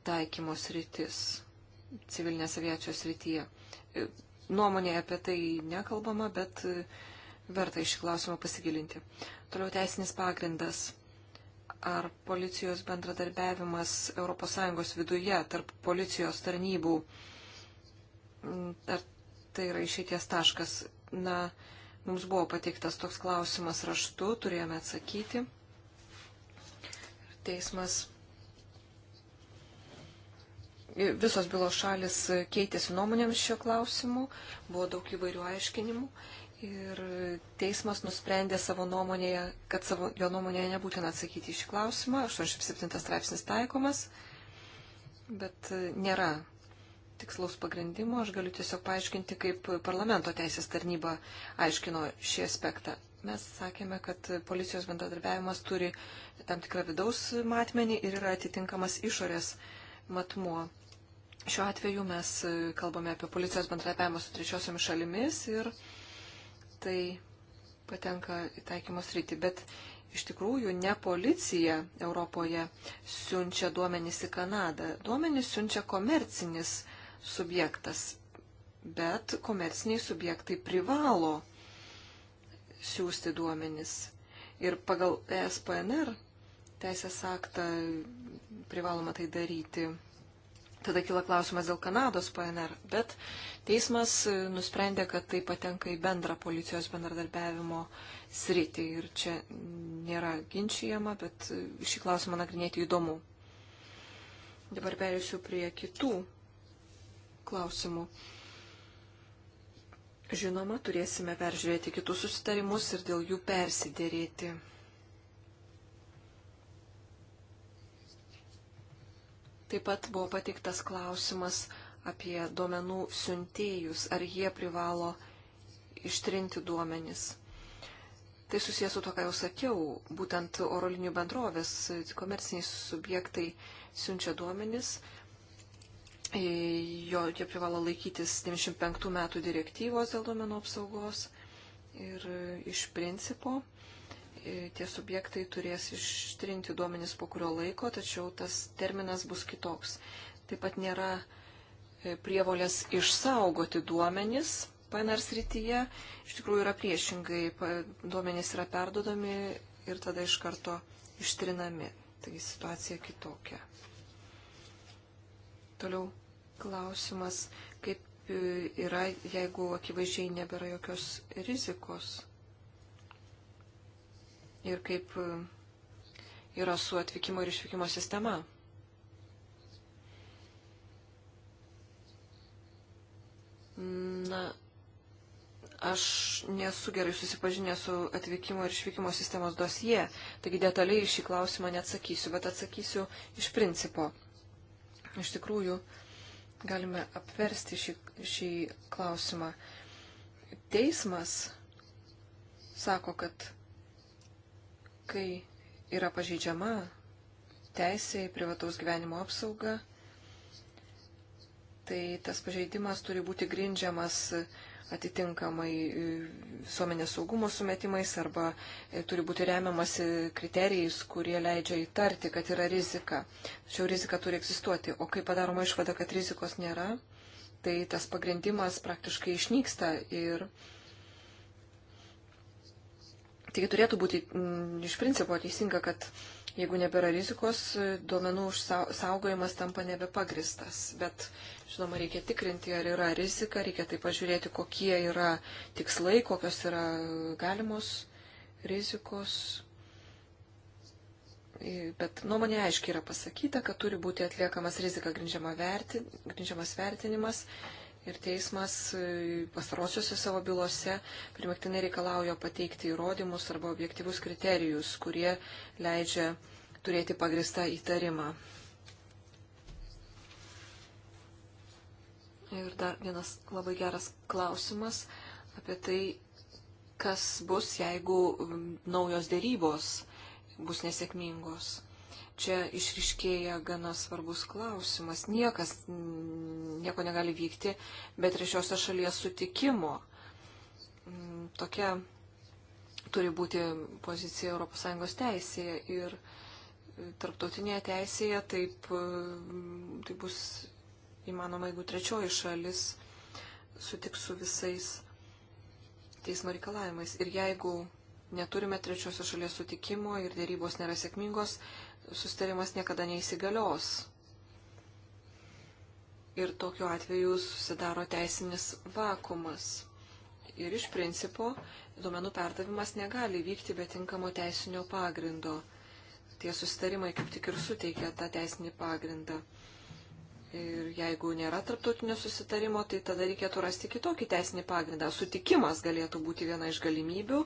taikymos rytis civilinės aviacijos rytyje. Nuomonė apie tai nekalbama, bet e, verta iš klausimą pasigilinti. Toliau teisinis pagrindas. Ar policijos bendradarbiavimas ES viduje tarp policijos tarnybų, ar tai yra išeities taškas? Na, Mums buvo pateiktas toks klausimas raštu, turėjome atsakyti. Teismas. Visos bylos šalis keitėsi nuomonėms šio klausimu, buvo daug įvairių aiškinimų ir teismas nusprendė savo nuomonėje, kad savo, jo nuomonėje nebūtina atsakyti į šį klausimą, 87 straipsnis taikomas, bet nėra tikslaus pagrindimo, aš galiu tiesiog paaiškinti, kaip parlamento teisės tarnyba aiškino šį aspektą. Mes sakėme, kad policijos bendradarbiavimas turi tam tikrą vidaus matmenį ir yra atitinkamas išorės matmuo. Šiuo atveju mes kalbame apie policijos bendradarbiavimą su trečiosiomis šalimis ir tai patenka į taikymos rytį. Bet iš tikrųjų ne policija Europoje siunčia duomenys į Kanadą. Duomenys siunčia komercinis subjektas, bet komerciniai subjektai privalo siūsti duomenis. Ir pagal ESPNR teisės aktą privaloma tai daryti. Tada kila klausimas dėl Kanados PNR, bet teismas nusprendė, kad tai patenka į bendrą policijos bendradarbiavimo sritį ir čia nėra ginčijama, bet šį klausimą nagrinėti įdomu. Dabar perėsiu prie kitų klausimų. Žinoma, turėsime peržiūrėti kitus susitarimus ir dėl jų persidėrėti. Taip pat buvo patiktas klausimas apie duomenų siuntėjus, ar jie privalo ištrinti duomenis. Tai susijęs su to, ką jau sakiau, būtent oro linijų bendrovės, komerciniai subjektai siunčia duomenis, E, jo, jie privalo laikytis 95 metų direktyvos dėl domenų apsaugos ir e, iš principo e, tie subjektai turės ištrinti duomenis po kurio laiko, tačiau tas terminas bus kitoks. Taip pat nėra prievolės išsaugoti duomenis PNR srityje. Iš tikrųjų yra priešingai, duomenys yra perdodami ir tada iš karto ištrinami. Taigi situacija kitokia. Toliau Klausimas, kaip e, yra, jeigu akivaizdžiai nebėra jokios rizikos ir kaip e, yra su atvykimo ir išvykimo sistema. Na, aš nesu gerai susipažinęs su atvykimo ir išvykimo sistemos dosie, taigi detaliai šį klausimą neatsakysiu, bet atsakysiu iš principo. Iš tikrųjų, galime apversti šį, šį klausimą. Teismas sako, kad kai yra pažeidžiama teisė į privataus gyvenimo apsaugą, tai tas pažeidimas turi būti grindžiamas atitinkamai e, visuomenės saugumo sumetimais arba e, turi būti remiamasi kriterijais, kurie leidžia įtarti, kad yra rizika. Tačiau rizika turi egzistuoti. O kai padaroma išvada, kad rizikos nėra, tai tas pagrindimas praktiškai išnyksta ir Taigi turėtų būti m, mm, iš principo teisinga, kad jeigu nebėra rizikos, duomenų saugojimas tampa nebepagristas. Bet, žinoma, reikia tikrinti, ar yra rizika, reikia taip pažiūrėti, kokie yra tikslai, kokios yra galimos rizikos. Bet nuomonė aiškiai yra pasakyta, kad turi būti atliekamas rizika grindžiama verti, grindžiamas vertinimas Ir teismas e, pastarosiuose savo bylose primiktinai reikalauja pateikti įrodymus arba objektyvus kriterijus, kurie leidžia turėti pagristą įtarimą. Ir dar vienas labai geras klausimas apie tai, kas bus, jeigu naujos dėrybos bus nesėkmingos čia išriškėja gana svarbus klausimas. Niekas nieko negali vykti be trečiosios šalies sutikimo. Mm, tokia turi būti pozicija ES teisėje ir tarptautinėje teisėje taip, mm, taip bus įmanoma, jeigu trečioji šalis sutiks su visais teismo reikalavimais. Ir jeigu neturime trečiosios šalies sutikimo ir dėrybos nėra sėkmingos, sustarimas niekada neįsigalios. Ir tokiu atveju susidaro teisinis vakumas. Ir iš principo duomenų perdavimas negali vykti be tinkamo teisinio pagrindo. Tie susitarimai kaip tik ir suteikia tą teisinį pagrindą. Ir jeigu nėra tarptautinio susitarimo, tai tada reikėtų rasti kitokį teisinį pagrindą. Sutikimas galėtų būti viena iš galimybių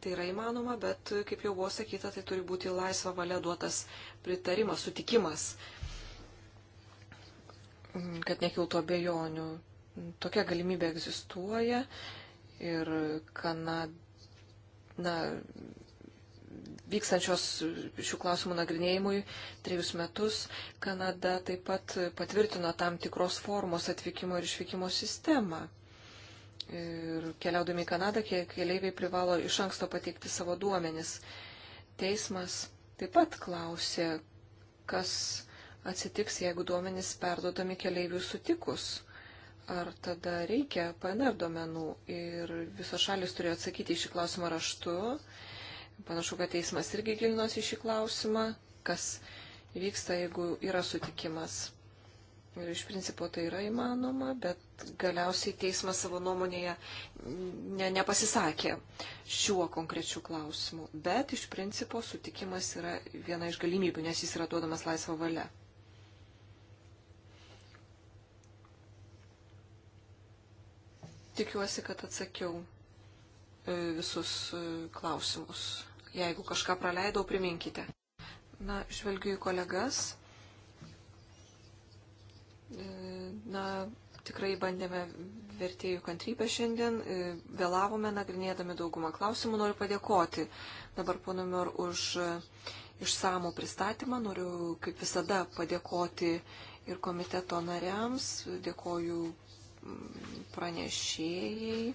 Tai yra įmanoma, bet, kaip jau buvo sakyta, tai turi būti laisva valia duotas pritarimas, sutikimas, kad nekiltų abejonių. Tokia galimybė egzistuoja ir Kanada. Na, vykstančios šių klausimų nagrinėjimui trejus metus Kanada taip pat patvirtino tam tikros formos atvykimo ir išvykimo sistemą. Ir keliaudami į Kanadą, keliaiviai privalo iš anksto pateikti savo duomenis. Teismas taip pat klausė, kas atsitiks, jeigu duomenys perdodami keliaivių sutikus. Ar tada reikia PNR duomenų? Ir visos šalis turėjo atsakyti į šį klausimą raštu. Panašu, kad teismas irgi gilinosi į šį klausimą, kas vyksta, jeigu yra sutikimas. Iš principo tai yra įmanoma, bet galiausiai teismas savo nuomonėje ne, nepasisakė šiuo konkrečiu klausimu. Bet iš principo sutikimas yra viena iš galimybių, nes jis yra duodamas laisvą valią. Tikiuosi, kad atsakiau e, visus e, klausimus. Jeigu kažką praleidau, priminkite. Na, žvelgiu į kolegas. Na, tikrai bandėme vertėjų kantrybę šiandien, e, vėlavome nagrinėdami daugumą klausimų. Noriu padėkoti dabar ponumior už e, išsamų pristatymą. Noriu kaip visada padėkoti ir komiteto nariams, dėkoju mm, pranešėjai,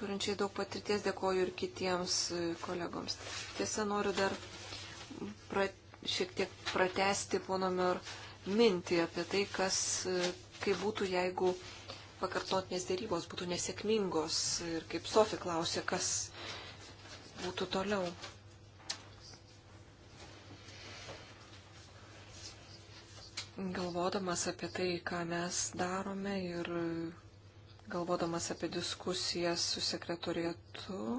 turinčiai daug patirties, dėkoju ir kitiems e, kolegoms. Tiesa, noriu dar pra, šiek tiek pratesti ponomio ir mintį apie tai, kas, kaip būtų, jeigu pakartotinės dėrybos būtų nesėkmingos ir kaip Sofi klausė, kas būtų toliau. Galvodamas apie tai, ką mes darome ir galvodamas apie diskusijas su sekretorietu,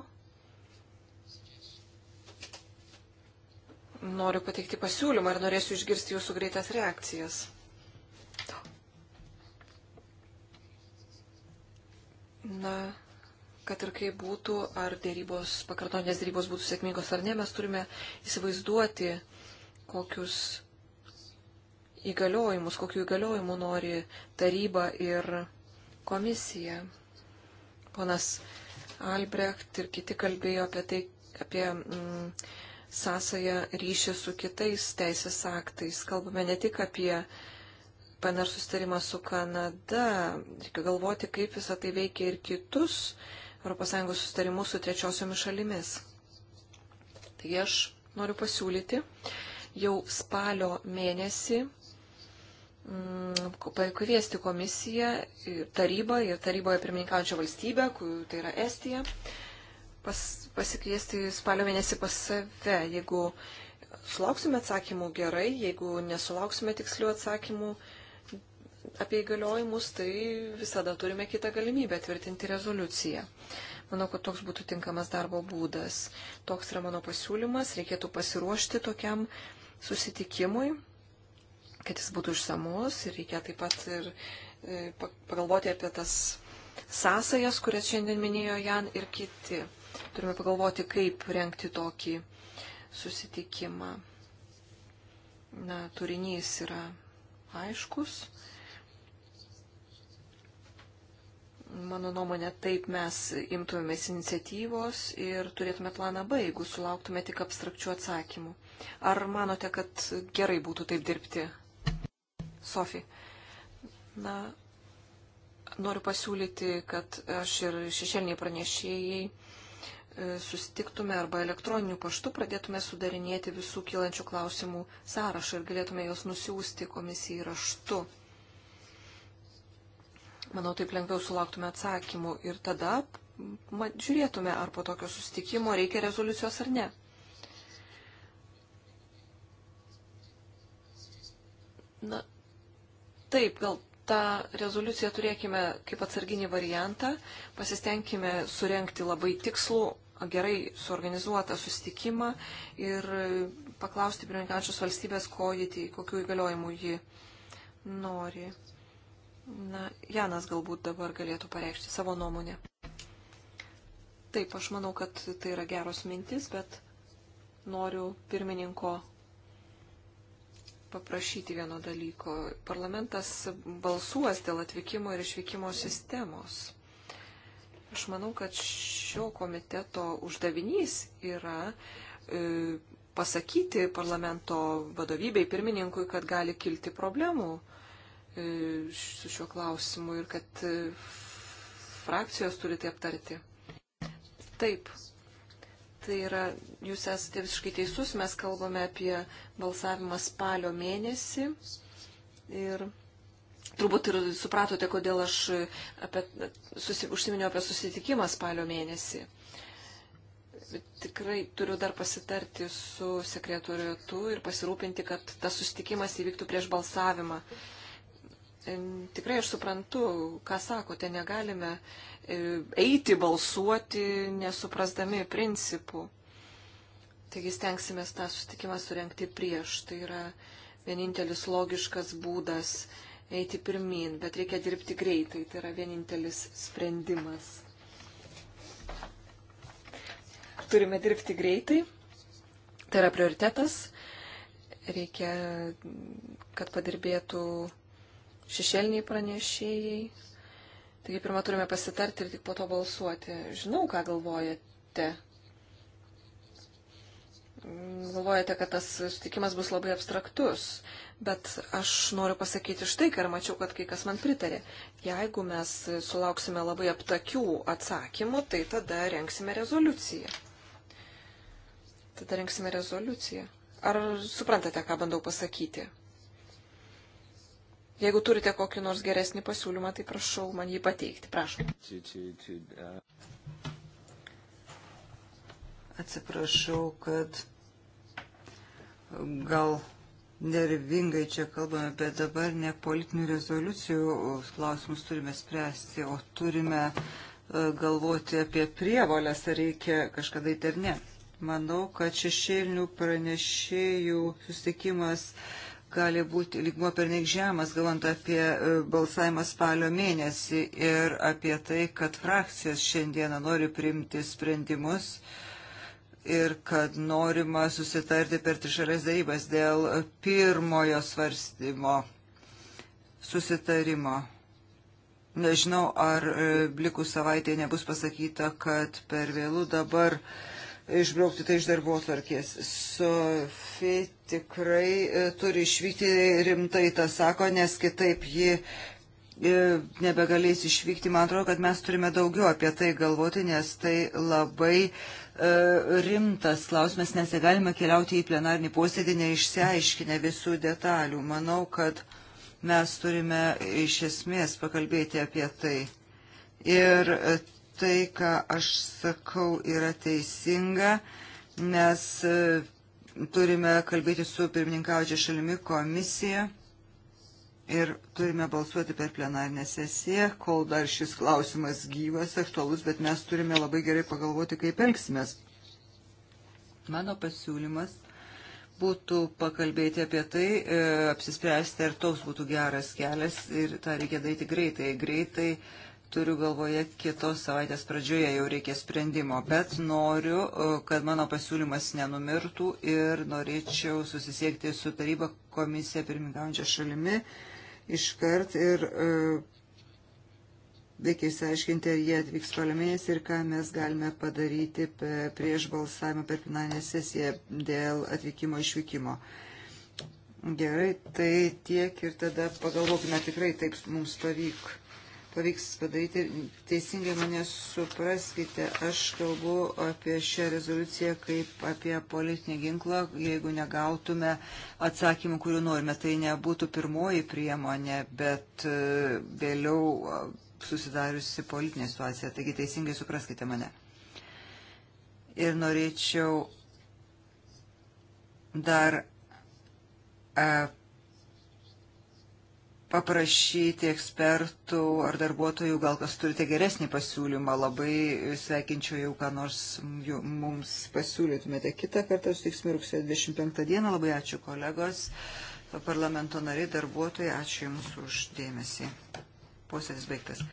noriu pateikti pasiūlymą ir norėsiu išgirsti jūsų greitas reakcijas. Na, kad ir kaip būtų, ar dėrybos, pakartotinės dėrybos būtų sėkmingos ar ne, mes turime įsivaizduoti, kokius įgaliojimus, kokiu įgaliojimu nori taryba ir komisija. Ponas Albrecht ir kiti kalbėjo apie tai, apie mm, sąsają ryšį su kitais teisės aktais. Kalbame ne tik apie PNR sustarimą su Kanada, reikia galvoti, kaip visą tai veikia ir kitus ES sustarimus su trečiosiomis šalimis. Taigi aš noriu pasiūlyti jau spalio mėnesį mm, pakviesti komisiją, tarybą ir taryboje pirmininkaujančią valstybę, tai yra Estija, pas, pasikviesti spalio mėnesį pas save. Jeigu sulauksime atsakymų gerai, jeigu nesulauksime tikslių atsakymų apie įgaliojimus, tai visada turime kitą galimybę tvirtinti rezoliuciją. Manau, kad toks būtų tinkamas darbo būdas. Toks yra mano pasiūlymas, reikėtų pasiruošti tokiam susitikimui, kad jis būtų išsamus ir reikia taip pat ir e, pagalvoti apie tas sąsajas, kurias šiandien minėjo Jan ir kiti turime pagalvoti, kaip renkti tokį susitikimą. Na, turinys yra aiškus. Mano nuomonė, taip mes imtumėmės iniciatyvos ir turėtume planą B, jeigu sulauktume tik abstrakčių atsakymų. Ar manote, kad gerai būtų taip dirbti? Sofija. Na, noriu pasiūlyti, kad aš ir šešėliniai pranešėjai E, sustiktume arba elektroniniu paštu pradėtume sudarinėti visų kylančių klausimų sąrašą ir galėtume juos nusiųsti komisijai raštu. Manau, taip lengviau sulauktume atsakymų ir tada žiūrėtume, ar po tokio sustikimo reikia rezoliucijos ar ne. Na, taip, gal tą rezoliuciją turėkime kaip atsarginį variantą, pasistengkime surenkti labai tikslų gerai suorganizuotą sustikimą ir paklausti pirmininkančios valstybės, ko jį, kokiu įgaliojimu ji nori. Na, Janas galbūt dabar galėtų pareikšti savo nuomonę. Taip, aš manau, kad tai yra geros mintis, bet noriu pirmininko paprašyti vieno dalyko. Parlamentas balsuos dėl atvykimo ir išvykimo sistemos. Aš manau, kad šio komiteto uždavinys yra e, pasakyti parlamento vadovybei, pirmininkui, kad gali kilti problemų e, su šiuo klausimu ir kad e, frakcijos turi tai aptarti. Taip, tai yra, jūs esate visiškai teisus, mes kalbame apie balsavimą spalio mėnesį ir turbūt ir supratote, kodėl aš apie, susi, užsiminiau apie susitikimą spalio mėnesį. Tikrai turiu dar pasitarti su sekretoriatu ir pasirūpinti, kad tas susitikimas įvyktų prieš balsavimą. Tikrai aš suprantu, ką sakote, negalime e, eiti balsuoti nesuprasdami principų. Taigi stengsime tą sustikimą surenkti prieš. Tai yra vienintelis logiškas būdas eiti pirmin, bet reikia dirbti greitai, tai yra vienintelis sprendimas. Turime dirbti greitai, tai yra prioritetas, reikia, kad padirbėtų šešėliniai pranešėjai. Taigi pirmą turime pasitarti ir tik po to balsuoti. Žinau, ką galvojate galvojate, kad tas sutikimas bus labai abstraktus, bet aš noriu pasakyti štai, ką ir mačiau, kad kai kas man pritarė. Jeigu mes sulauksime labai aptakių atsakymų, tai tada renksime rezoliuciją. Tada renksime rezoliuciją. Ar suprantate, ką bandau pasakyti? Jeigu turite kokį nors geresnį pasiūlymą, tai prašau man jį pateikti. Prašom. Uh, Atsiprašau, kad gal nervingai čia kalbame, bet dabar ne politinių rezoliucijų klausimus turime spręsti, o turime e, galvoti apie prievalės, ar reikia kažką daryti ar ne. Manau, kad šešėlinių pranešėjų susitikimas gali būti lygmo perneik žemas, galvant apie e, balsavimą spalio mėnesį ir apie tai, kad frakcijas šiandieną nori priimti sprendimus. Uh, ir kad norima susitarti per trišalės darybas dėl pirmojo svarstymo susitarimo. Nežinau, ar blikų e, savaitė nebus pasakyta, kad per vėlų dabar išbraukti tai iš darbo atvarkės. Sofi tikrai e, turi išvykti rimtai, tą sako, nes kitaip ji e, nebegalės išvykti. Man atrodo, kad mes turime daugiau apie tai galvoti, nes tai labai E, rimtas klausimas, nes negalime keliauti į plenarnį posėdį neišsiaiškinę visų detalių. Manau, kad mes turime iš esmės pakalbėti apie tai. Ir tai, ką aš sakau, yra teisinga, nes e, turime kalbėti su pirmininkaujančia šalimi komisija ir turime balsuoti per plenarinę sesiją, kol dar šis klausimas gyvas, aktualus, bet mes turime labai gerai pagalvoti, kaip elgsimės. Mano pasiūlymas būtų pakalbėti apie tai, e, apsispręsti, ar toks būtų geras kelias ir tą reikia daryti greitai. Greitai turiu galvoje kitos savaitės pradžioje jau reikia sprendimo, bet noriu, e, kad mano pasiūlymas nenumirtų ir norėčiau susisiekti su taryba komisija pirmingaujančia šalimi iškart ir e, reikia išsiaiškinti, ar jie atvyks parlamėjais ir ką mes galime padaryti prieš balsavimą per plenarinę sesiją dėl atvykimo išvykimo. Gerai, tai tiek ir tada pagalvokime, tikrai taip mums pavyko pavyks padaryti. Teisingai mane supraskite, aš kalbu apie šią rezoliuciją kaip apie politinį ginklą. Jeigu negautume atsakymų, kurių norime, tai nebūtų pirmoji priemonė, bet e, vėliau e, susidariusi politinė situacija. Taigi teisingai supraskite mane. Ir norėčiau dar e, paprašyti ekspertų ar darbuotojų, gal kas turite geresnį pasiūlymą, labai sveikinčiau jau, ką nors mums pasiūlytumėte. Kitą kartą sutiksime rugsėjo 25 dieną. Labai ačiū kolegos, parlamento nariai, darbuotojai, ačiū Jums už dėmesį. Posėdis baigtas.